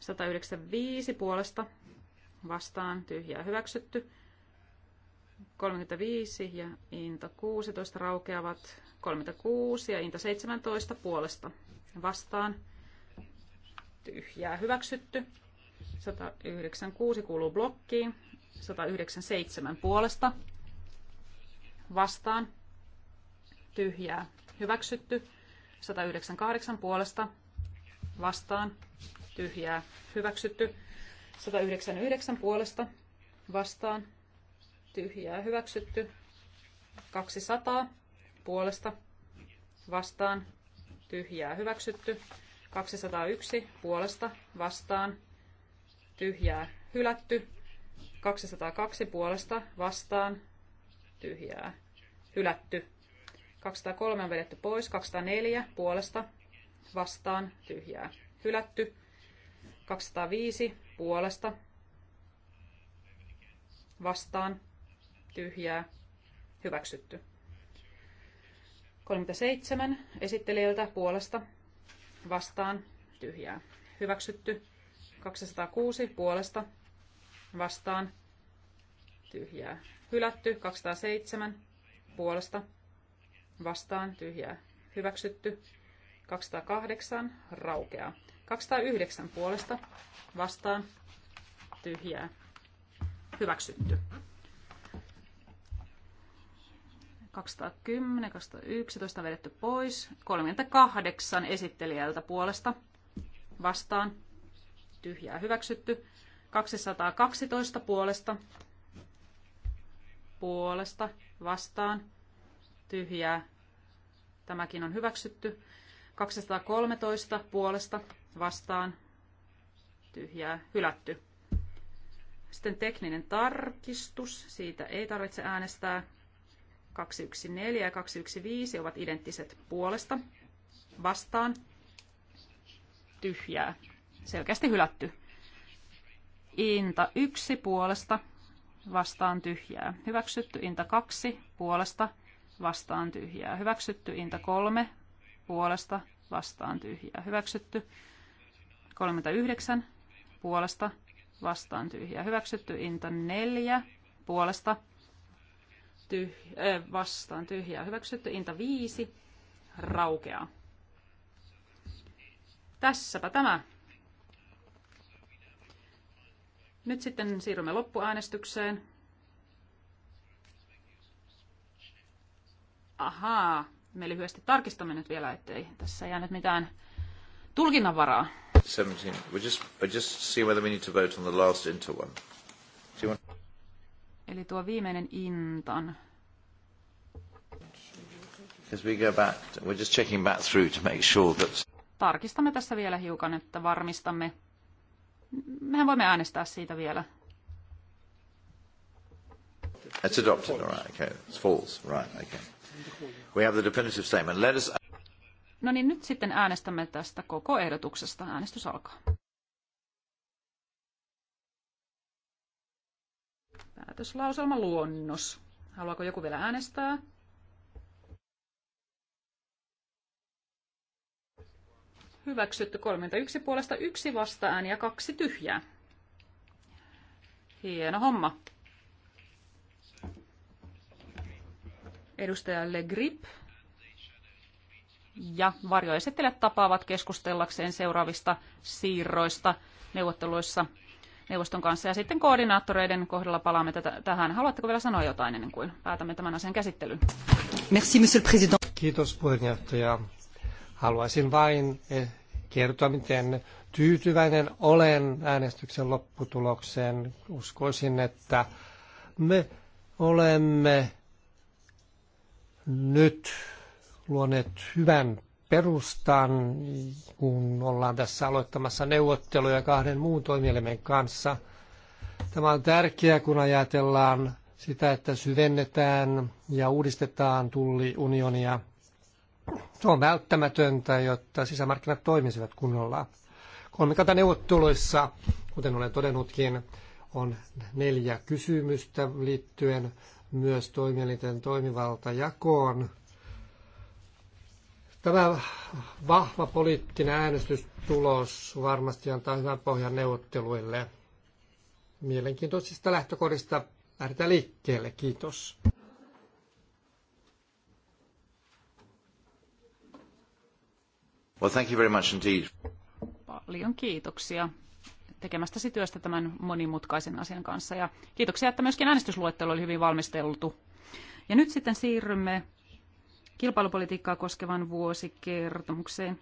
195 puolesta vastaan tyhjää hyväksytty. 35 ja Inta 16 raukeavat 36 ja Inta 17 puolesta vastaan tyhjää hyväksytty. 196 kuuluu blokkiin, 197 puolesta vastaan tyhjää hyväksytty, 198 puolesta vastaan, tyhjää, hyväksytty. 199 puolesta vastaan, tyhjää, hyväksytty. 200 puolesta vastaan, tyhjää, hyväksytty. 201 puolesta vastaan, tyhjää, hylätty. 202 puolesta vastaan, tyhjää, hylätty. 203 on vedetty pois, 204 puolesta vastaan tyhjää hylätty. 205 puolesta vastaan tyhjää hyväksytty. 37 esittelijältä puolesta vastaan tyhjää hyväksytty. 206 puolesta vastaan tyhjää hylätty. 207 puolesta vastaan tyhjää hyväksytty. 208 raukeaa. 209 puolesta vastaan tyhjää. Hyväksytty. 210, 211 vedetty pois. 38 esittelijältä puolesta vastaan tyhjää hyväksytty. 212 puolesta puolesta vastaan tyhjää. Tämäkin on hyväksytty. 213 puolesta vastaan tyhjää hylätty. Sitten tekninen tarkistus, siitä ei tarvitse äänestää. 214 ja 215 ovat identtiset puolesta vastaan tyhjää, selkeästi hylätty. Inta 1 puolesta vastaan tyhjää. Hyväksytty inta 2 puolesta vastaan tyhjää. Hyväksytty inta 3 puolesta vastaan tyhjää hyväksytty. 39 puolesta vastaan tyhjää hyväksytty. Into 4 puolesta tyh- äh, vastaan tyhjää hyväksytty. Into 5 raukeaa. Tässäpä tämä. Nyt sitten siirrymme loppuäänestykseen. Ahaa, me lyhyesti tarkistamme nyt vielä, ettei tässä jäänyt mitään tulkinnanvaraa. 17. We just, we just see whether we need to vote on the last inter one. Do you want... Eli tuo viimeinen intan. Because we go back, we're just checking back through to make sure that... Tarkistamme tässä vielä hiukan, että varmistamme. Mehän voimme äänestää siitä vielä. It's adopted, all right, okay. It's false, right, okay. We have the definitive statement. Let us... No niin, nyt sitten äänestämme tästä koko ehdotuksesta. Äänestys alkaa. Päätöslauselma luonnos. Haluaako joku vielä äänestää? Hyväksytty 31 puolesta, yksi vastaääni ja kaksi tyhjää. Hieno homma. Edustaja Le Grip ja varjoesittelijät tapaavat keskustellakseen seuraavista siirroista neuvotteluissa neuvoston kanssa. Ja sitten koordinaattoreiden kohdalla palaamme tätä, tähän. Haluatteko vielä sanoa jotain ennen kuin päätämme tämän asian käsittelyn? Merci, monsieur le président. Kiitos puheenjohtaja. Haluaisin vain eh, kertoa, miten tyytyväinen olen äänestyksen lopputulokseen. Uskoisin, että me olemme nyt luoneet hyvän perustan, kun ollaan tässä aloittamassa neuvotteluja kahden muun toimielimen kanssa. Tämä on tärkeää, kun ajatellaan sitä, että syvennetään ja uudistetaan tulliunionia. Se on välttämätöntä, jotta sisämarkkinat toimisivat kunnolla. neuvotteluissa, kuten olen todennutkin, on neljä kysymystä liittyen myös toimielinten toimivalta jakoon. Tämä vahva poliittinen äänestystulos varmasti antaa hyvän pohjan neuvotteluille. Mielenkiintoisista lähtökohdista lähdetään liikkeelle. Kiitos. Well, thank you very much indeed. Paljon kiitoksia tekemästäsi työstä tämän monimutkaisen asian kanssa. Ja kiitoksia, että myöskin äänestysluettelo oli hyvin valmisteltu. Ja nyt sitten siirrymme kilpailupolitiikkaa koskevan vuosikertomukseen.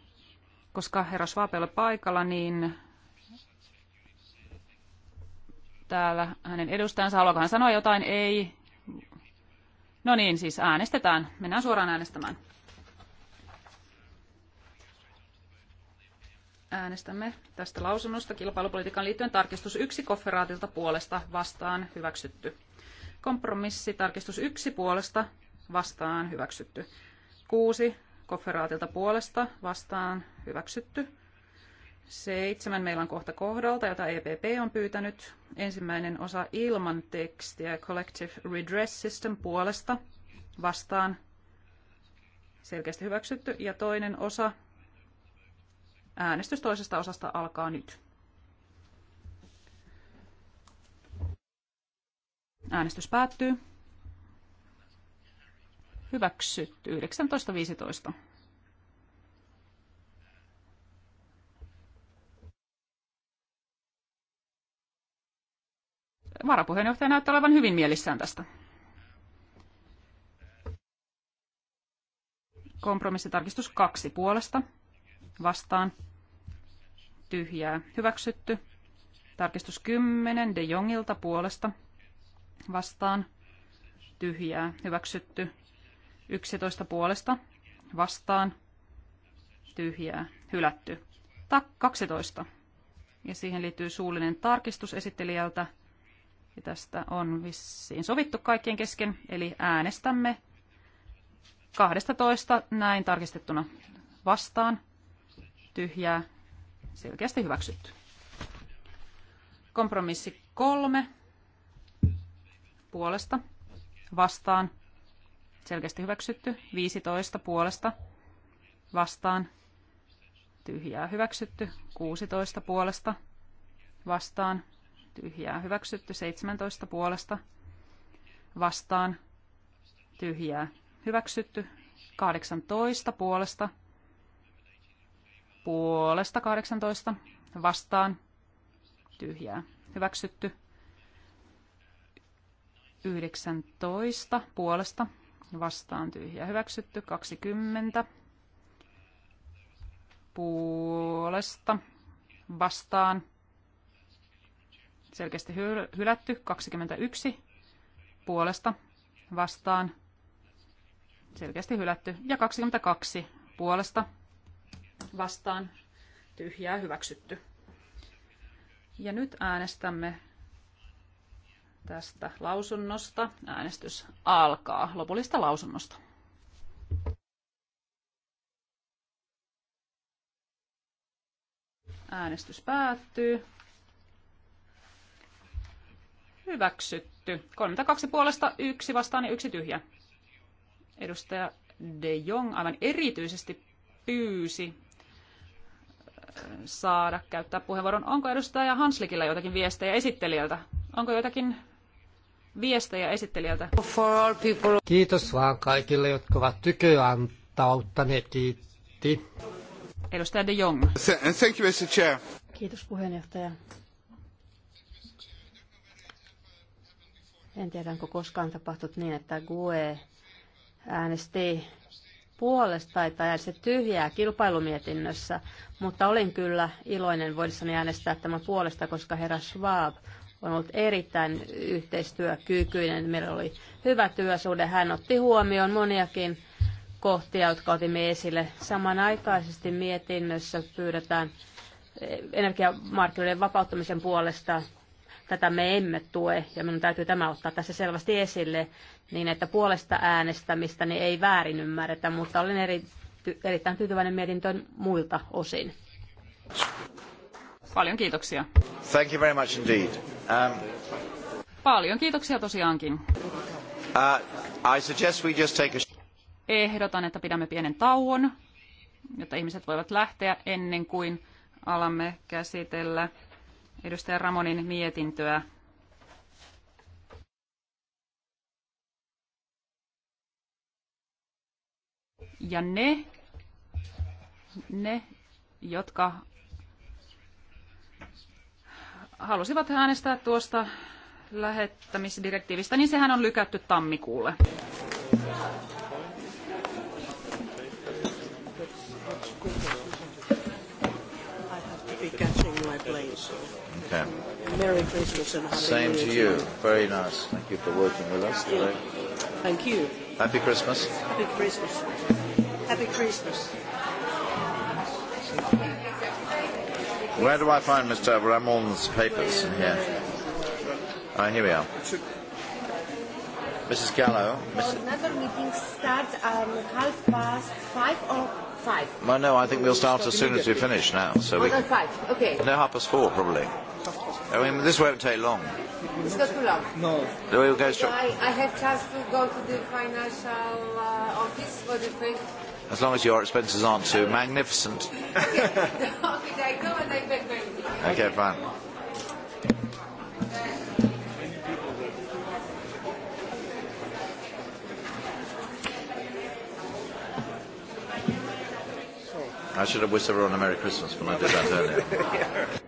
Koska herra Schwab ei ole paikalla, niin täällä hänen edustajansa, haluaako hän sanoa jotain? Ei. No niin, siis äänestetään. Mennään suoraan äänestämään. Äänestämme tästä lausunnosta kilpailupolitiikan liittyen tarkistus 1 kofferaatilta puolesta vastaan hyväksytty. Kompromissi tarkistus 1 puolesta vastaan hyväksytty. 6 kofferaatilta puolesta vastaan hyväksytty. Seitsemän meillä on kohta kohdalta, jota EPP on pyytänyt. Ensimmäinen osa ilman tekstiä Collective Redress System puolesta vastaan selkeästi hyväksytty. Ja toinen osa Äänestys toisesta osasta alkaa nyt. Äänestys päättyy. Hyväksytty 19.15. Varapuheenjohtaja näyttää olevan hyvin mielissään tästä. Kompromissitarkistus kaksi puolesta vastaan tyhjää hyväksytty. Tarkistus 10 De Jongilta puolesta vastaan tyhjää hyväksytty. 11 puolesta vastaan tyhjää hylätty. Tak 12. Ja siihen liittyy suullinen tarkistus esittelijältä. Ja tästä on vissiin sovittu kaikkien kesken, eli äänestämme 12 näin tarkistettuna vastaan tyhjää, selkeästi hyväksytty. Kompromissi kolme puolesta vastaan, selkeästi hyväksytty. 15 puolesta vastaan, tyhjää hyväksytty. 16 puolesta vastaan, tyhjää hyväksytty. 17 puolesta vastaan, tyhjää hyväksytty. 18 puolesta vastaan, puolesta 18 vastaan tyhjää hyväksytty 19 puolesta vastaan tyhjää hyväksytty 20 puolesta vastaan selkeästi hylätty 21 puolesta vastaan selkeästi hylätty ja 22 puolesta vastaan tyhjää hyväksytty. Ja nyt äänestämme tästä lausunnosta. Äänestys alkaa lopullista lausunnosta. Äänestys päättyy. Hyväksytty. 32 puolesta, yksi vastaan ja yksi tyhjä. Edustaja De Jong aivan erityisesti pyysi saada käyttää puheenvuoron. Onko edustaja Hanslikilla jotakin viestejä esittelijältä? Onko jotakin viestejä esittelijältä? Kiitos vaan kaikille, jotka ovat tyköantauttaneet. Kiitti. Edustaja De Jong. Thank you, Mr. Chair. Kiitos puheenjohtaja. En tiedä, onko koskaan tapahtunut niin, että GUE äänesti puolesta, että se tyhjää kilpailumietinnössä, mutta olin kyllä iloinen voidessani äänestää tämän puolesta, koska herra Schwab on ollut erittäin yhteistyökykyinen. Meillä oli hyvä työsuhde. Hän otti huomioon moniakin kohtia, jotka otimme esille. Samanaikaisesti mietinnössä pyydetään eh, energiamarkkinoiden vapauttamisen puolesta Tätä me emme tue ja minun täytyy tämä ottaa tässä selvästi esille niin, että puolesta äänestämistä niin ei väärin ymmärretä, mutta olen eri, erittäin tyytyväinen mietintöön muilta osin. Paljon kiitoksia. Thank you very much indeed. Um, Paljon kiitoksia tosiaankin. Uh, I suggest we just take a... Ehdotan, että pidämme pienen tauon, jotta ihmiset voivat lähteä ennen kuin alamme käsitellä edustaja Ramonin mietintöä. Ja ne, ne jotka halusivat äänestää tuosta lähettämisdirektiivistä, niin sehän on lykätty tammikuulle. place. Okay. Merry Christmas and Happy Same New Year. to you. Very nice. Thank you for working with us today. Thank you. Happy Christmas. Happy Christmas. Happy Christmas. Where do I find Mr. Ramon's papers in here? Ah, here we are. Mrs. Gallo. Mrs. Another meeting starts at half past five o'clock five. Well, no, I think we'll start as soon as we finish now. So oh, we. No, can... five. Okay. No, half past four probably. I mean, this won't take long. It's not too long. No. So we'll go straight. I, I have chance to go to the financial uh, office for the thing. As long as your expenses aren't too magnificent. okay, no, I go and I back Okay, fine. I should have wished everyone a Merry Christmas when I did that earlier.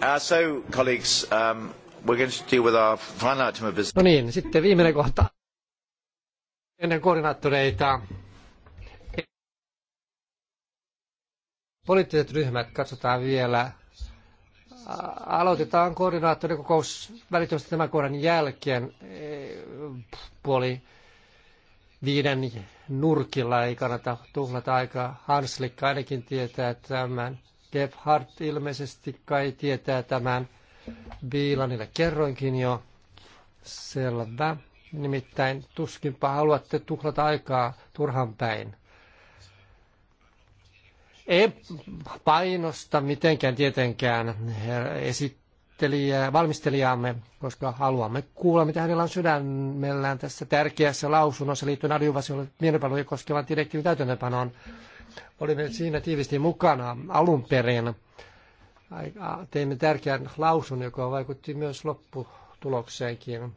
Uh, so, colleagues, um, we're going to deal with our final item of business. No niin, sitten viimeinen kohta ennen koordinaattoreita. Poliittiset ryhmät katsotaan vielä. Aloitetaan koordinaattorikokous välittömästi tämän kohdan jälkeen eh, puoli viiden nurkilla. Ei kannata tuhlata aikaa. Hanslikka ainakin tietää tämän. Gebhardt ilmeisesti kai tietää tämän. Biilanille kerroinkin jo. Selvä. Nimittäin tuskinpa haluatte tuhlata aikaa turhan päin. Ei painosta mitenkään tietenkään esittelijää, valmistelijaamme, koska haluamme kuulla, mitä hänellä on sydämellään tässä tärkeässä lausunnossa liittyen adjuvasiolle mielipalveluja koskevan direktiivin täytäntöönpanoon. Olimme siinä tiivisti mukana alun perin. Teimme tärkeän lausun, joka vaikutti myös lopputulokseenkin.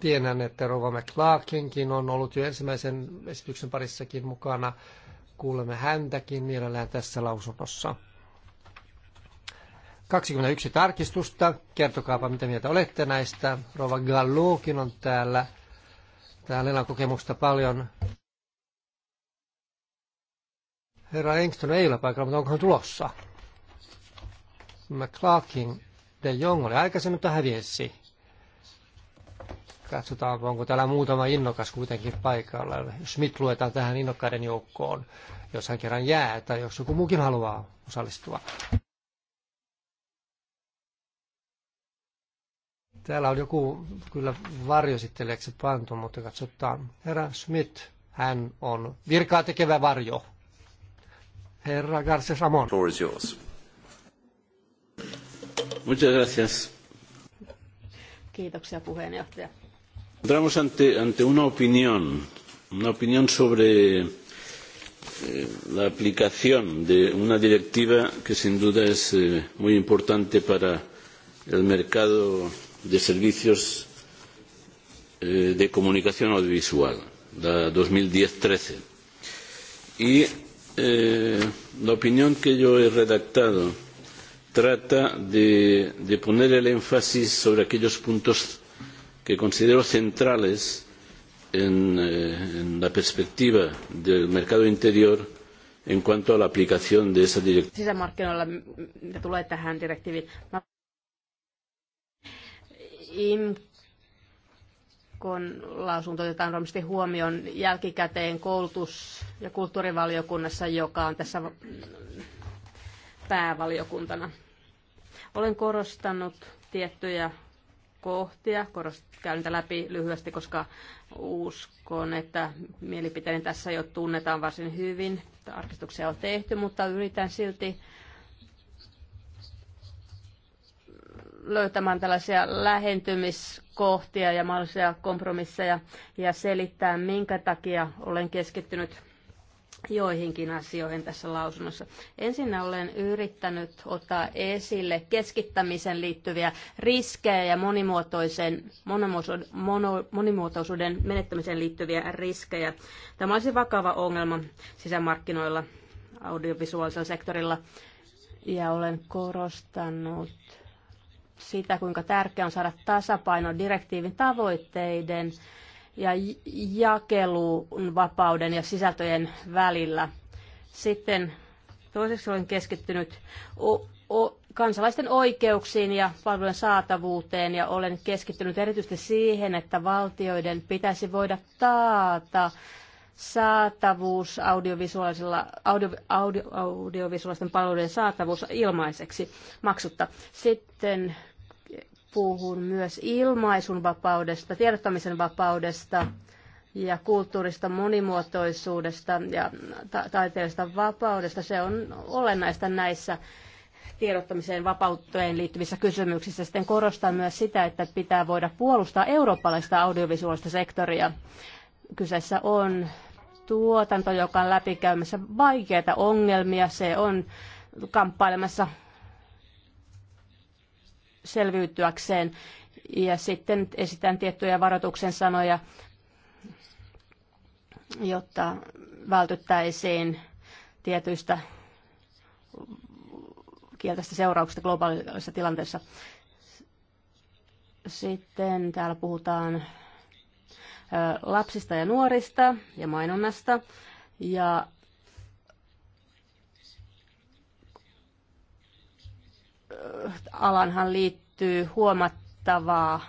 Tiedän, että Rova McLaakinkin on ollut jo ensimmäisen esityksen parissakin mukana. Kuulemme häntäkin mielellään tässä lausunnossa. 21 tarkistusta. Kertokaapa, mitä mieltä olette näistä. Rova Galluukin on täällä. Täällä on kokemusta paljon Herra Engström ei ole paikalla, mutta onko hän tulossa? McClarkin de Jong oli aikaisemmin, mutta häviesi. Katsotaan, onko täällä muutama innokas kuitenkin paikalla. Schmidt luetaan tähän innokkaiden joukkoon, jos hän kerran jää tai jos joku muukin haluaa osallistua. Täällä on joku kyllä varjositteleeksi pantu, mutta katsotaan. Herra Schmidt, hän on virkaa tekevä varjo. Herra Garces Ramon. Floor is yours. Muchas gracias. Kiitoksia puheenjohtaja. Entramos ante, ante una opinión, una opinión sobre eh, la aplicación de una directiva que sin duda es eh, muy importante para el mercado de servicios eh, de comunicación audiovisual, la 2010-13. Y Eh, la opinión que yo he redactado trata de, de poner el énfasis sobre aquellos puntos que considero centrales en, eh, en la perspectiva del mercado interior en cuanto a la aplicación de esa directiva. Sisämarkkinoilla mm, mm, kun lausunto otetaan varmasti huomioon jälkikäteen koulutus- ja kulttuurivaliokunnassa, joka on tässä päävaliokuntana. Olen korostanut tiettyjä kohtia, korost, käyn niitä läpi lyhyesti, koska uskon, että mielipiteeni tässä jo tunnetaan varsin hyvin. Tarkistuksia on tehty, mutta yritän silti löytämään tällaisia lähentymis kohtia ja mahdollisia kompromisseja ja selittää, minkä takia olen keskittynyt joihinkin asioihin tässä lausunnossa. Ensinnä olen yrittänyt ottaa esille keskittämisen liittyviä riskejä ja monimuotoisen, mono, monimuotoisuuden menettämiseen liittyviä riskejä. Tämä olisi vakava ongelma sisämarkkinoilla audiovisuaalisella sektorilla ja olen korostanut sitä, kuinka tärkeää on saada tasapaino direktiivin tavoitteiden ja jakelun vapauden ja sisältöjen välillä. Sitten toiseksi olen keskittynyt kansalaisten oikeuksiin ja palvelujen saatavuuteen ja olen keskittynyt erityisesti siihen, että valtioiden pitäisi voida taata saatavuus audiovisuaalisilla, audio, audio, audiovisuaalisten palveluiden saatavuus ilmaiseksi maksutta. Sitten puhun myös ilmaisun vapaudesta, tiedottamisen vapaudesta ja kulttuurista monimuotoisuudesta ja ta- taiteellisesta vapaudesta. Se on olennaista näissä tiedottamiseen vapauteen liittyvissä kysymyksissä. Sitten korostan myös sitä, että pitää voida puolustaa eurooppalaista audiovisuaalista sektoria Kyseessä on tuotanto, joka on läpikäymässä vaikeita ongelmia. Se on kamppailemassa selviytyäkseen. Ja sitten esitän tiettyjä varoituksen sanoja, jotta vältyttäisiin tietyistä kieltäistä seurauksista globaalisessa tilanteessa. Sitten täällä puhutaan lapsista ja nuorista ja mainonnasta. Ja alanhan liittyy huomattavaa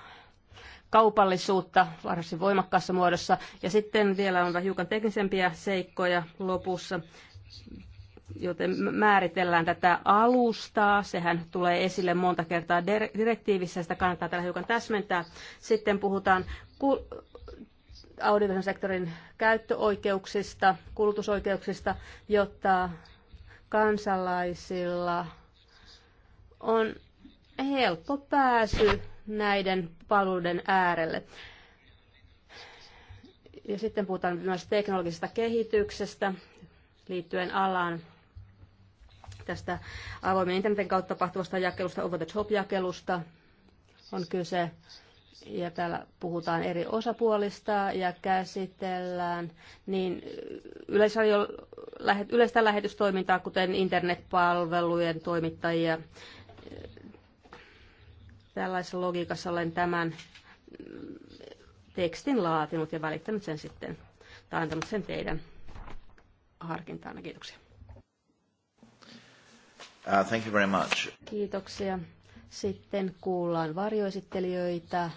kaupallisuutta varsin voimakkaassa muodossa. Ja sitten vielä on hiukan teknisempiä seikkoja lopussa, joten määritellään tätä alustaa. Sehän tulee esille monta kertaa direktiivissä, sitä kannattaa täällä hiukan täsmentää. Sitten puhutaan audiovisuaalisen sektorin käyttöoikeuksista, kulutusoikeuksista, jotta kansalaisilla on helppo pääsy näiden palveluiden äärelle. Ja sitten puhutaan myös teknologisesta kehityksestä liittyen alaan tästä avoimen internetin kautta tapahtuvasta jakelusta, over the top jakelusta on kyse ja täällä puhutaan eri osapuolista ja käsitellään niin yleisradio, yleistä lähetystoimintaa, kuten internetpalvelujen toimittajia. Tällaisessa logiikassa olen tämän tekstin laatinut ja välittänyt sen sitten, tai antanut sen teidän harkintaan. Kiitoksia. Uh, thank you very much. Kiitoksia. Sitten kuullaan varjoesittelijöitä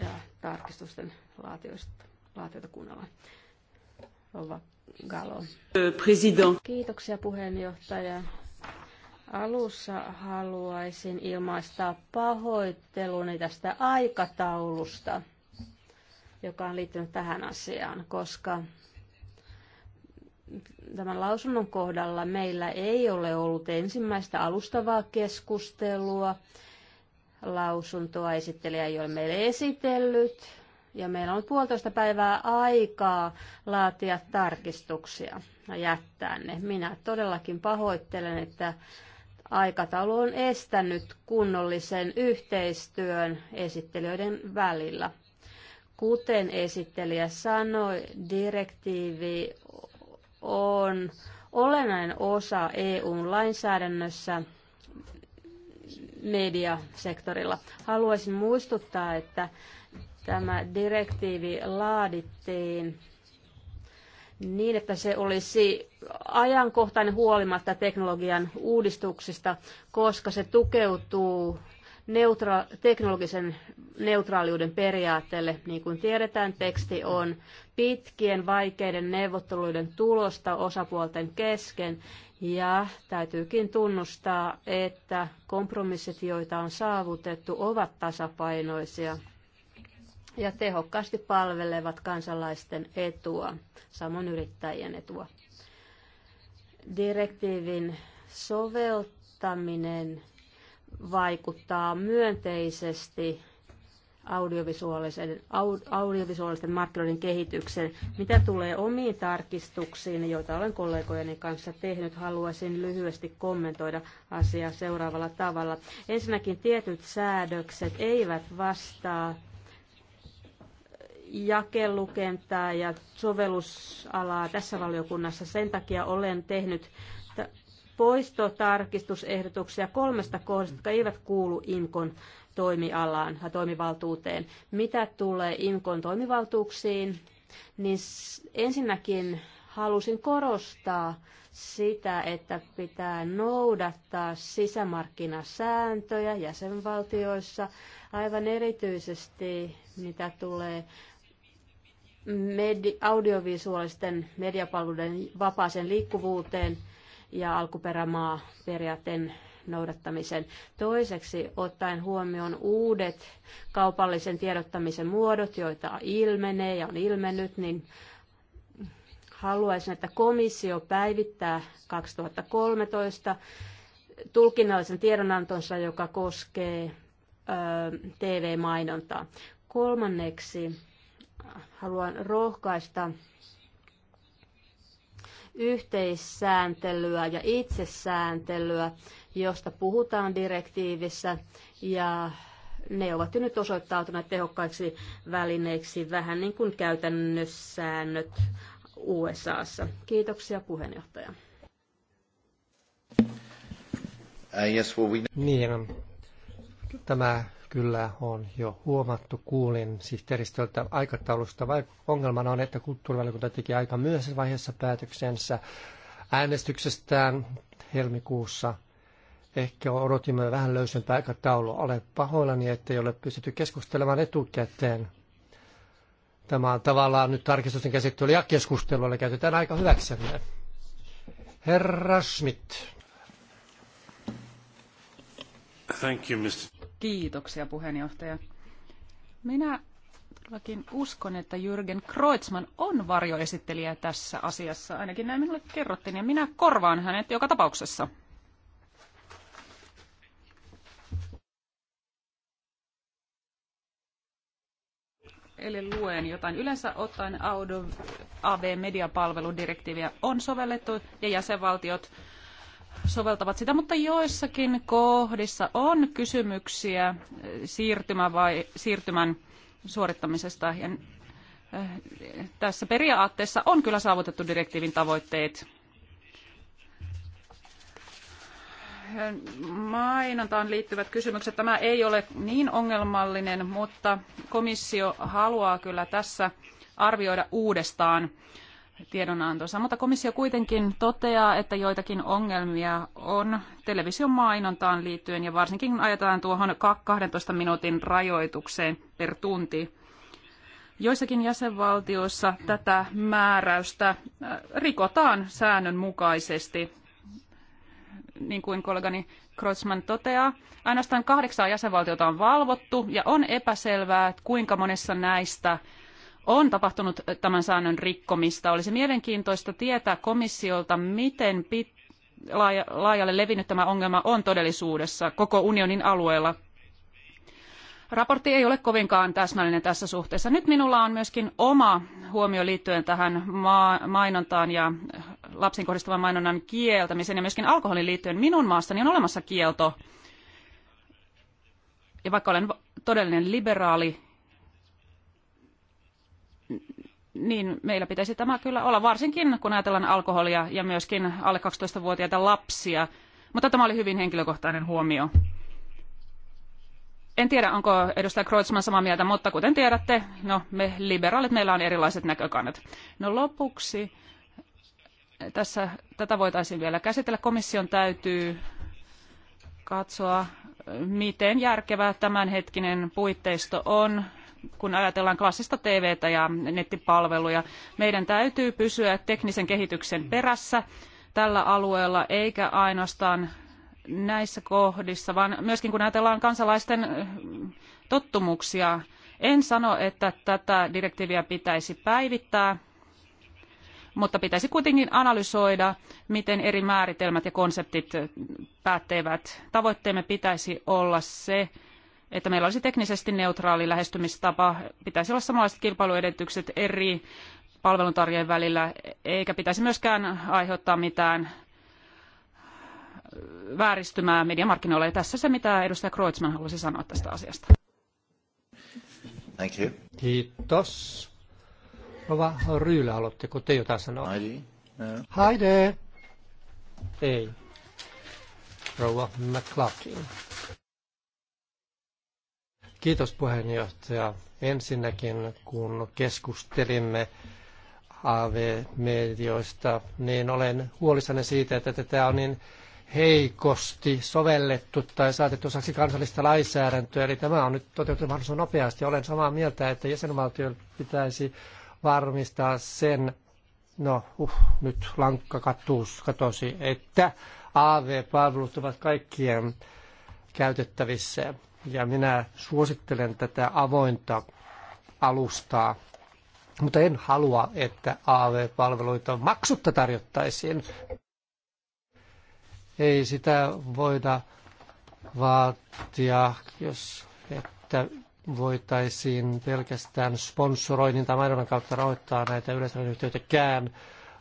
ja tarkistusten laatioita kuunnellaan. Rova Galo. Kiitoksia puheenjohtaja. Alussa haluaisin ilmaista pahoitteluni tästä aikataulusta, joka on liittynyt tähän asiaan, koska tämän lausunnon kohdalla meillä ei ole ollut ensimmäistä alustavaa keskustelua lausuntoa esittelijä ei ole meille esitellyt. Ja meillä on puolitoista päivää aikaa laatia tarkistuksia ja jättää ne. Minä todellakin pahoittelen, että aikataulu on estänyt kunnollisen yhteistyön esittelijöiden välillä. Kuten esittelijä sanoi, direktiivi on olennainen osa eu lainsäädännössä – mediasektorilla. Haluaisin muistuttaa, että tämä direktiivi laadittiin niin, että se olisi ajankohtainen huolimatta teknologian uudistuksista, koska se tukeutuu neutra- teknologisen neutraaliuden periaatteelle. Niin kuin tiedetään, teksti on pitkien vaikeiden neuvotteluiden tulosta osapuolten kesken ja täytyykin tunnustaa, että kompromissit, joita on saavutettu, ovat tasapainoisia ja tehokkaasti palvelevat kansalaisten etua, samoin yrittäjien etua. Direktiivin soveltaminen vaikuttaa myönteisesti audiovisuaalisen, audiovisuaalisten markkinoiden kehityksen. Mitä tulee omiin tarkistuksiin, joita olen kollegojeni kanssa tehnyt, haluaisin lyhyesti kommentoida asiaa seuraavalla tavalla. Ensinnäkin tietyt säädökset eivät vastaa jakelukentää ja sovellusalaa tässä valiokunnassa. Sen takia olen tehnyt poistotarkistusehdotuksia kolmesta kohdasta, jotka eivät kuulu Inkon toimialaan ja toimivaltuuteen. Mitä tulee IMKOn toimivaltuuksiin, niin ensinnäkin halusin korostaa sitä, että pitää noudattaa sisämarkkinasääntöjä jäsenvaltioissa, aivan erityisesti mitä tulee medi- audiovisuaalisten mediapalveluiden vapaaseen liikkuvuuteen ja alkuperämaa periaatteen noudattamisen. Toiseksi ottaen huomioon uudet kaupallisen tiedottamisen muodot, joita ilmenee ja on ilmennyt, niin haluaisin, että komissio päivittää 2013 tulkinnallisen tiedonantonsa, joka koskee TV-mainontaa. Kolmanneksi haluan rohkaista yhteissääntelyä ja itsesääntelyä josta puhutaan direktiivissä ja ne ovat jo nyt osoittautuneet tehokkaiksi välineiksi, vähän niin kuin käytännössäännöt USAssa. Kiitoksia puheenjohtaja. Uh, niin, tämä kyllä on jo huomattu. Kuulin sihteeristöltä aikataulusta. Vai ongelmana on, että kulttuurivaliokunta teki aika myöhäisessä vaiheessa päätöksensä äänestyksestään helmikuussa – Ehkä odotimme vähän löysempää aikataulua. Olen pahoillani, ettei ole pystytty keskustelemaan etukäteen. Tämä on tavallaan nyt tarkistusten käsittely ja keskusteluilla käytetään aika hyväksemme. Herra Schmidt. Thank you, Mr. Kiitoksia puheenjohtaja. Minä todellakin uskon, että Jürgen Kreutzmann on varjoesittelijä tässä asiassa. Ainakin näin minulle kerrottiin ja minä korvaan hänet joka tapauksessa. eli luen jotain. Yleensä ottaen AV-mediapalveludirektiiviä on sovellettu ja jäsenvaltiot soveltavat sitä, mutta joissakin kohdissa on kysymyksiä eh, siirtymä vai, siirtymän suorittamisesta. Ja eh, tässä periaatteessa on kyllä saavutettu direktiivin tavoitteet mainontaan liittyvät kysymykset. Tämä ei ole niin ongelmallinen, mutta komissio haluaa kyllä tässä arvioida uudestaan tiedonantonsa. Mutta komissio kuitenkin toteaa, että joitakin ongelmia on television mainontaan liittyen ja varsinkin kun ajatellaan tuohon 12 minuutin rajoitukseen per tunti. Joissakin jäsenvaltioissa tätä määräystä äh, rikotaan säännönmukaisesti niin kuin kollegani Kreutzmann toteaa, ainoastaan kahdeksaa jäsenvaltiota on valvottu ja on epäselvää, kuinka monessa näistä on tapahtunut tämän säännön rikkomista. Olisi mielenkiintoista tietää komissiolta, miten pit- laajalle levinnyt tämä ongelma on todellisuudessa koko unionin alueella. Raportti ei ole kovinkaan täsmällinen tässä suhteessa. Nyt minulla on myöskin oma huomio liittyen tähän mainontaan ja lapsiin kohdistuvan mainonnan kieltämiseen ja myöskin alkoholin liittyen. Minun maassani on olemassa kielto. Ja vaikka olen todellinen liberaali, niin meillä pitäisi tämä kyllä olla, varsinkin kun ajatellaan alkoholia ja myöskin alle 12-vuotiaita lapsia. Mutta tämä oli hyvin henkilökohtainen huomio. En tiedä, onko edustaja Kreutzmann samaa mieltä, mutta kuten tiedätte, no me liberaalit, meillä on erilaiset näkökannat. No lopuksi tässä, tätä voitaisiin vielä käsitellä. Komission täytyy katsoa, miten järkevää tämänhetkinen puitteisto on, kun ajatellaan klassista TVtä ja nettipalveluja. Meidän täytyy pysyä teknisen kehityksen perässä tällä alueella, eikä ainoastaan näissä kohdissa, vaan myöskin kun ajatellaan kansalaisten tottumuksia. En sano, että tätä direktiiviä pitäisi päivittää, mutta pitäisi kuitenkin analysoida, miten eri määritelmät ja konseptit päättävät. Tavoitteemme pitäisi olla se, että meillä olisi teknisesti neutraali lähestymistapa, pitäisi olla samanlaiset kilpailuedellytykset eri palveluntarjoajien välillä, eikä pitäisi myöskään aiheuttaa mitään vääristymää mediamarkkinoilla. Ja tässä se, mitä edustaja Kreutzmann halusi sanoa tästä asiasta. Thank you. Kiitos. Rova Ryylä, te jotain sanoa? Heidi. No. Heidi. Ei. Rova McLaughlin. Kiitos puheenjohtaja. Ensinnäkin kun keskustelimme AV-medioista, niin olen huolissani siitä, että tätä on niin heikosti sovellettu tai saatettu osaksi kansallista lainsäädäntöä. Eli tämä on nyt toteutettu mahdollisimman nopeasti. Olen samaa mieltä, että jäsenvaltion pitäisi varmistaa sen, no uh, nyt lankka katus, katosi, että AV-palvelut ovat kaikkien käytettävissä. Ja minä suosittelen tätä avointa alustaa, mutta en halua, että AV-palveluita maksutta tarjottaisiin. Ei sitä voida vaatia, jos että voitaisiin pelkästään sponsoroinnin tai mainonnan kautta rahoittaa näitä yleisradion yhtiöitäkään.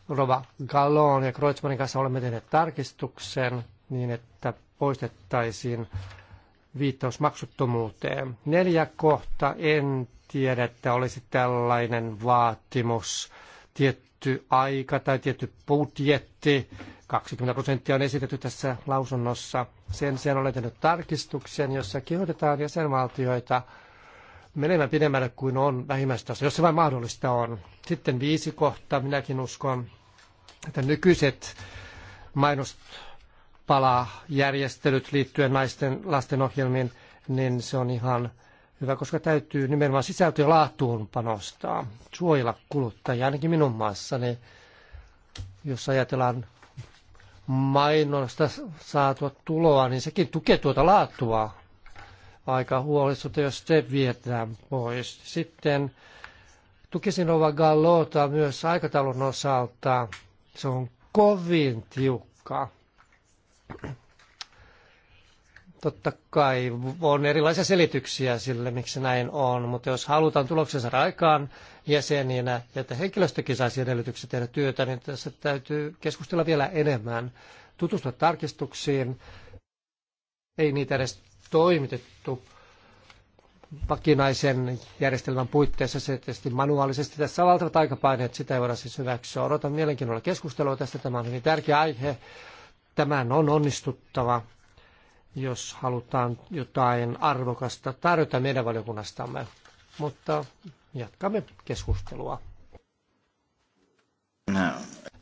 Rova Gallon ja Kreutzmanin kanssa olemme tehneet tarkistuksen niin, että poistettaisiin viittaus maksuttomuuteen. Neljä kohta, en tiedä, että olisi tällainen vaatimus tiet, tietty aika tai tietty budjetti. 20 prosenttia on esitetty tässä lausunnossa. Sen sijaan olen tehnyt tarkistuksen, jossa kehotetaan jäsenvaltioita menemään pidemmälle kuin on vähimmäistaso, jos se vain mahdollista on. Sitten viisi kohtaa, minäkin uskon, että nykyiset mainospalajärjestelyt liittyen naisten lastenohjelmiin, niin se on ihan hyvä, koska täytyy nimenomaan sisältö- ja laatuun panostaa, suojella kuluttajia, ainakin minun maassani, jos ajatellaan mainosta saatua tuloa, niin sekin tukee tuota laatua aika huolestuttavaa jos se vietään pois. Sitten tukisin Ova Gallota myös aikataulun osalta. Se on kovin tiukka. Totta kai on erilaisia selityksiä sille, miksi näin on, mutta jos halutaan tuloksen saada aikaan jäseninä ja että henkilöstökin saisi edellytyksiä tehdä työtä, niin tässä täytyy keskustella vielä enemmän, tutustua tarkistuksiin. Ei niitä edes toimitettu vakinaisen järjestelmän puitteissa se tietysti manuaalisesti. Tässä on valtavat aikapaineet, sitä ei voida siis hyväksyä. Odotan mielenkiinnolla keskustelua tästä, tämä on hyvin tärkeä aihe. Tämän on onnistuttava jos halutaan jotain arvokasta tarjota meidän valiokunnastamme. Mutta jatkamme keskustelua. No.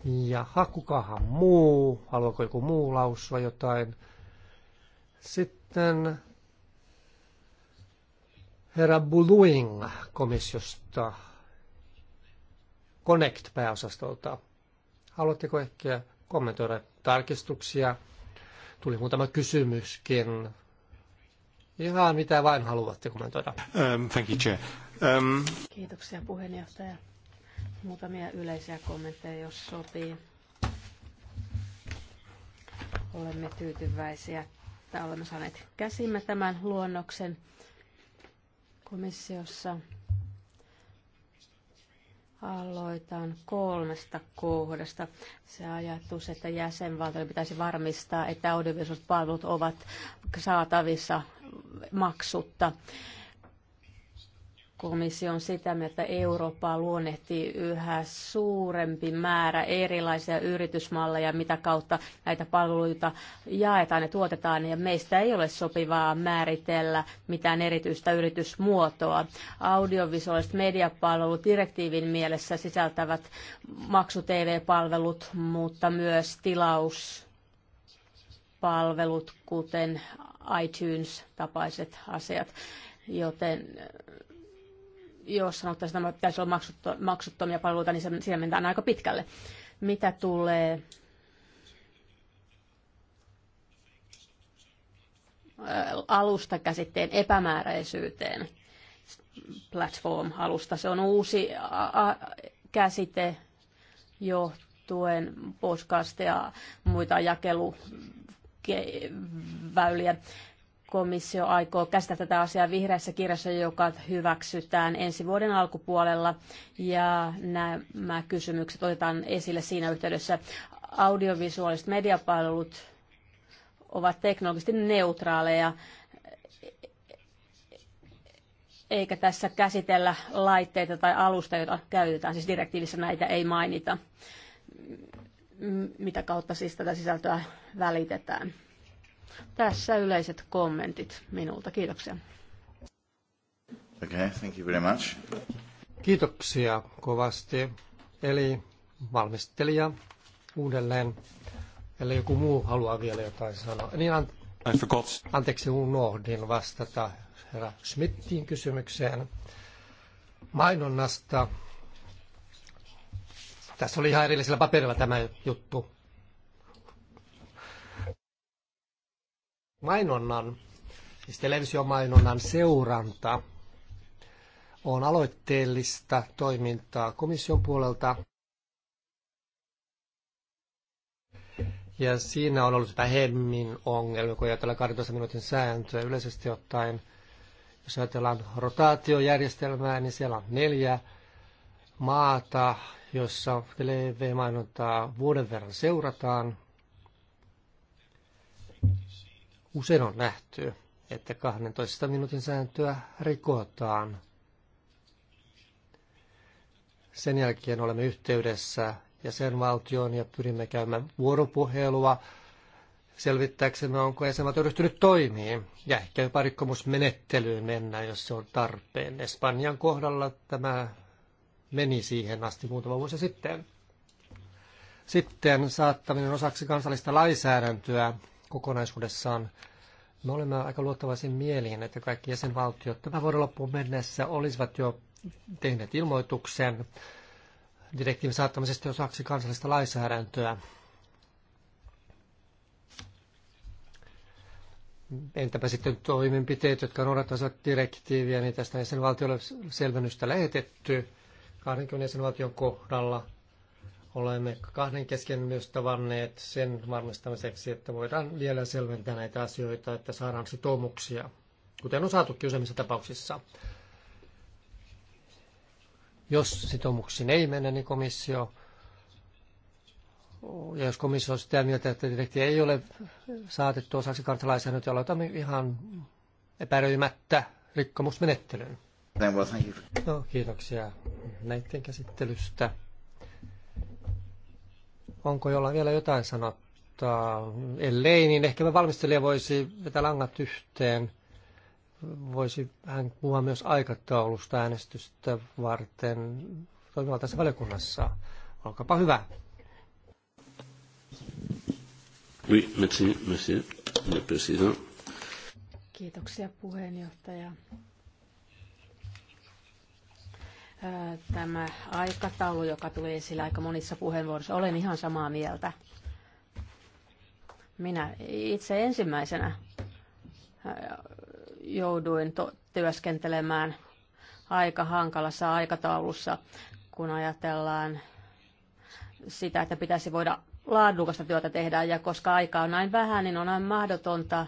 Ja hakukahan muu? Haluaako joku muu lausua jotain? Sitten herra Buluing komissiosta, Connect-pääosastolta. Haluatteko ehkä kommentoida tarkistuksia? Tuli muutama kysymyskin. Ihan mitä vain haluatte kommentoida. Um, thank you, Chair. Um... Kiitoksia puheenjohtaja. Muutamia yleisiä kommentteja, jos sopii. Olemme tyytyväisiä, että olemme saaneet käsimme tämän luonnoksen komissiossa Aloitan kolmesta kohdasta. Se ajatus, että jäsenvaltioille pitäisi varmistaa, että audiovisuaaliset palvelut ovat saatavissa maksutta. Komissio on sitä mieltä, että Eurooppaa luonnehtii yhä suurempi määrä erilaisia yritysmalleja, mitä kautta näitä palveluita jaetaan ja tuotetaan, ja meistä ei ole sopivaa määritellä mitään erityistä yritysmuotoa. Audiovisuaaliset mediapalvelut direktiivin mielessä sisältävät maksu-TV-palvelut, mutta myös tilauspalvelut, kuten iTunes-tapaiset asiat joten jos sanotaan, että pitäisi olla maksuttomia palveluita, niin siinä mennään aika pitkälle. Mitä tulee alusta käsitteen epämääräisyyteen, platform-alusta. Se on uusi käsite johtuen podcast ja muita jakeluväyliä komissio aikoo käsitellä tätä asiaa vihreässä kirjassa, joka hyväksytään ensi vuoden alkupuolella. Ja nämä kysymykset otetaan esille siinä yhteydessä. Audiovisuaaliset mediapalvelut ovat teknologisesti neutraaleja, eikä tässä käsitellä laitteita tai alusta, joita käytetään. Siis direktiivissä näitä ei mainita, mitä kautta siis tätä sisältöä välitetään. Tässä yleiset kommentit minulta. Kiitoksia. Okay, thank you very much. Kiitoksia kovasti. Eli valmistelija uudelleen. Eli joku muu haluaa vielä jotain sanoa. Niin an- I forgot. Anteeksi, unohdin vastata herra Schmidtin kysymykseen mainonnasta. Tässä oli ihan erillisellä paperilla tämä juttu. mainonnan, siis televisiomainonnan seuranta on aloitteellista toimintaa komission puolelta. Ja siinä on ollut vähemmin ongelmia, kun ajatellaan 12 minuutin sääntöä. Yleisesti ottaen, jos ajatellaan rotaatiojärjestelmää, niin siellä on neljä maata, jossa TV-mainontaa vuoden verran seurataan. Usein on nähty, että 12 minuutin sääntöä rikotaan. Sen jälkeen olemme yhteydessä jäsenvaltioon ja pyrimme käymään vuoropuhelua selvittääksemme, onko jäsenvaltio ryhtynyt toimiin ja ehkä jopa rikkomusmenettelyyn mennä, jos se on tarpeen. Espanjan kohdalla tämä meni siihen asti muutama vuosi sitten. Sitten saattaminen osaksi kansallista lainsäädäntöä kokonaisuudessaan. Me olemme aika luottavaisin mieliin, että kaikki jäsenvaltiot tämän vuoden loppuun mennessä olisivat jo tehneet ilmoituksen direktiivin saattamisesta osaksi kansallista lainsäädäntöä. Entäpä sitten toimenpiteet, jotka noudattaisivat direktiiviä, niin tästä jäsenvaltiolle selvennystä lähetetty 20 jäsenvaltion kohdalla. Olemme kahden kesken myös tavanneet sen varmistamiseksi, että voidaan vielä selventää näitä asioita, että saadaan sitoumuksia, kuten on saatukin useimmissa tapauksissa. Jos sitoumuksiin ei mene, niin komissio ja jos komissio on sitä mieltä, että direktiä ei ole saatettu osaksi nyt niin aloitamme ihan epäröimättä rikkomusmenettelyyn. No, kiitoksia näiden käsittelystä. Onko jolla vielä jotain sanottaa? Ellei, niin ehkä valmistelija voisi vetää langat yhteen. Voisi hän puhua myös aikataulusta äänestystä varten toimivalta tässä valiokunnassa. Olkaapa hyvä. Oui, merci, monsieur le président. Kiitoksia puheenjohtaja tämä aikataulu, joka tuli esille aika monissa puheenvuoroissa. Olen ihan samaa mieltä. Minä itse ensimmäisenä jouduin työskentelemään aika hankalassa aikataulussa, kun ajatellaan sitä, että pitäisi voida laadukasta työtä tehdä. Ja koska aikaa on näin vähän, niin on aina mahdotonta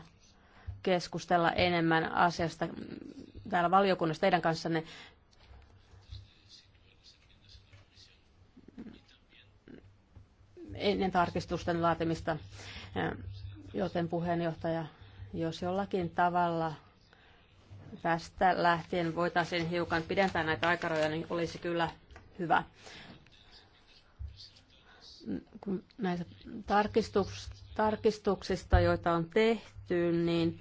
keskustella enemmän asiasta täällä valiokunnassa teidän kanssanne. ennen tarkistusten laatimista. Eh, joten puheenjohtaja, jos jollakin tavalla tästä lähtien voitaisiin hiukan pidentää näitä aikarajoja, niin olisi kyllä hyvä. Kun näistä tarkistuksista, joita on tehty, niin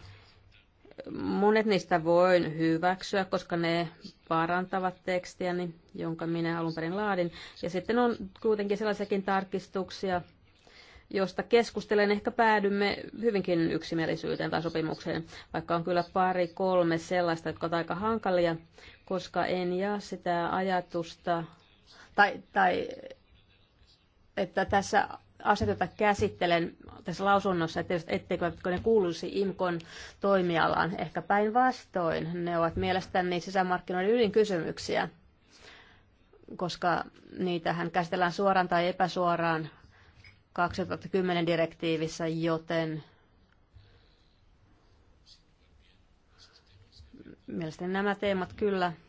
Monet niistä voin hyväksyä, koska ne parantavat tekstiäni, jonka minä alun perin laadin. Ja sitten on kuitenkin sellaisiakin tarkistuksia, josta keskustelen, ehkä päädymme hyvinkin yksimielisyyteen tai sopimukseen, vaikka on kyllä pari kolme sellaista, jotka ovat aika hankalia, koska en jaa sitä ajatusta, tai, tai että tässä aseteta käsittelen tässä lausunnossa, että etteikö ne kuuluisi IMKon toimialaan. Ehkä päinvastoin ne ovat mielestäni sisämarkkinoiden ydinkysymyksiä, koska niitähän käsitellään suoraan tai epäsuoraan 2010 direktiivissä, joten mielestäni nämä teemat kyllä –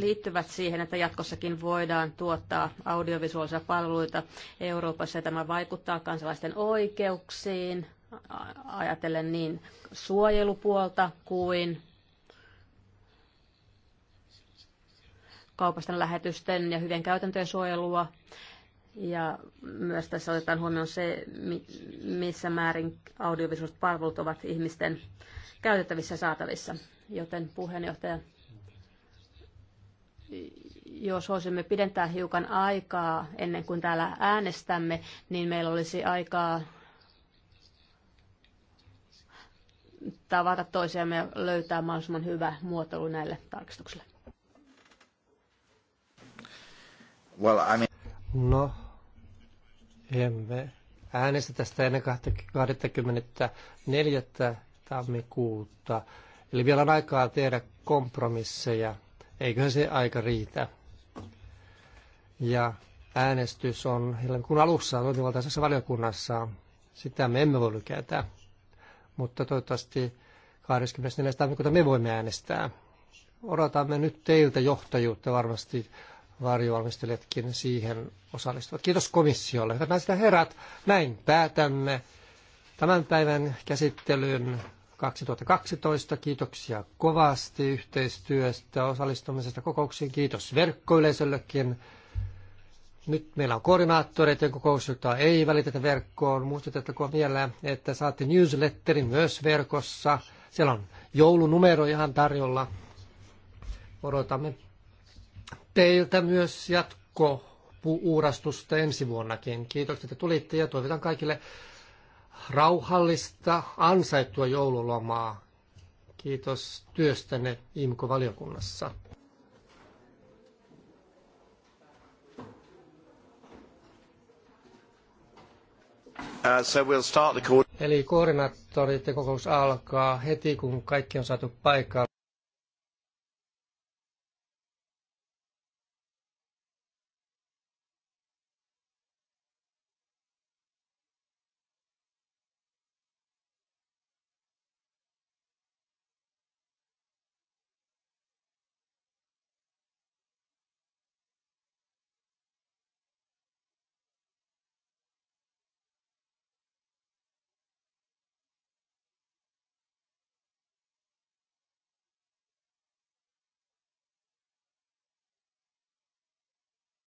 liittyvät siihen, että jatkossakin voidaan tuottaa audiovisuaalisia palveluita Euroopassa ja tämä vaikuttaa kansalaisten oikeuksiin, ajatellen niin suojelupuolta kuin kaupasten lähetysten ja hyvien käytäntöjen suojelua. Ja myös tässä otetaan huomioon se, missä määrin audiovisuaaliset palvelut ovat ihmisten käytettävissä ja saatavissa. Joten puheenjohtaja jos voisimme pidentää hiukan aikaa ennen kuin täällä äänestämme, niin meillä olisi aikaa tavata toisiamme ja löytää mahdollisimman hyvä muotoilu näille tarkistuksille. Well, I mean... No, emme äänestä tästä ennen 24. tammikuuta. Eli vielä on aikaa tehdä kompromisseja Eiköhän se aika riitä. Ja äänestys on kun alussa toimivaltaisessa valiokunnassa. Sitä me emme voi lykätä, mutta toivottavasti 24. tammikuuta me voimme äänestää. Odotamme nyt teiltä johtajuutta varmasti varjovalmistelijatkin siihen osallistuvat. Kiitos komissiolle. Hyvät naiset herrat, näin päätämme tämän päivän käsittelyn. 2012. Kiitoksia kovasti yhteistyöstä, osallistumisesta kokouksiin. Kiitos verkkoyleisöllekin. Nyt meillä on koordinaattoreita, kokous, jota ei välitetä verkkoon. Muistutettakoon vielä, että saatte newsletterin myös verkossa. Siellä on joulunumero ihan tarjolla. Odotamme teiltä myös jatko uurastusta ensi vuonnakin. Kiitokset, että tulitte ja toivotan kaikille rauhallista, ansaittua joululomaa. Kiitos työstänne IMKO-valiokunnassa. Uh, so we'll start the... Eli koordinaattorit kokous alkaa heti, kun kaikki on saatu paikalle.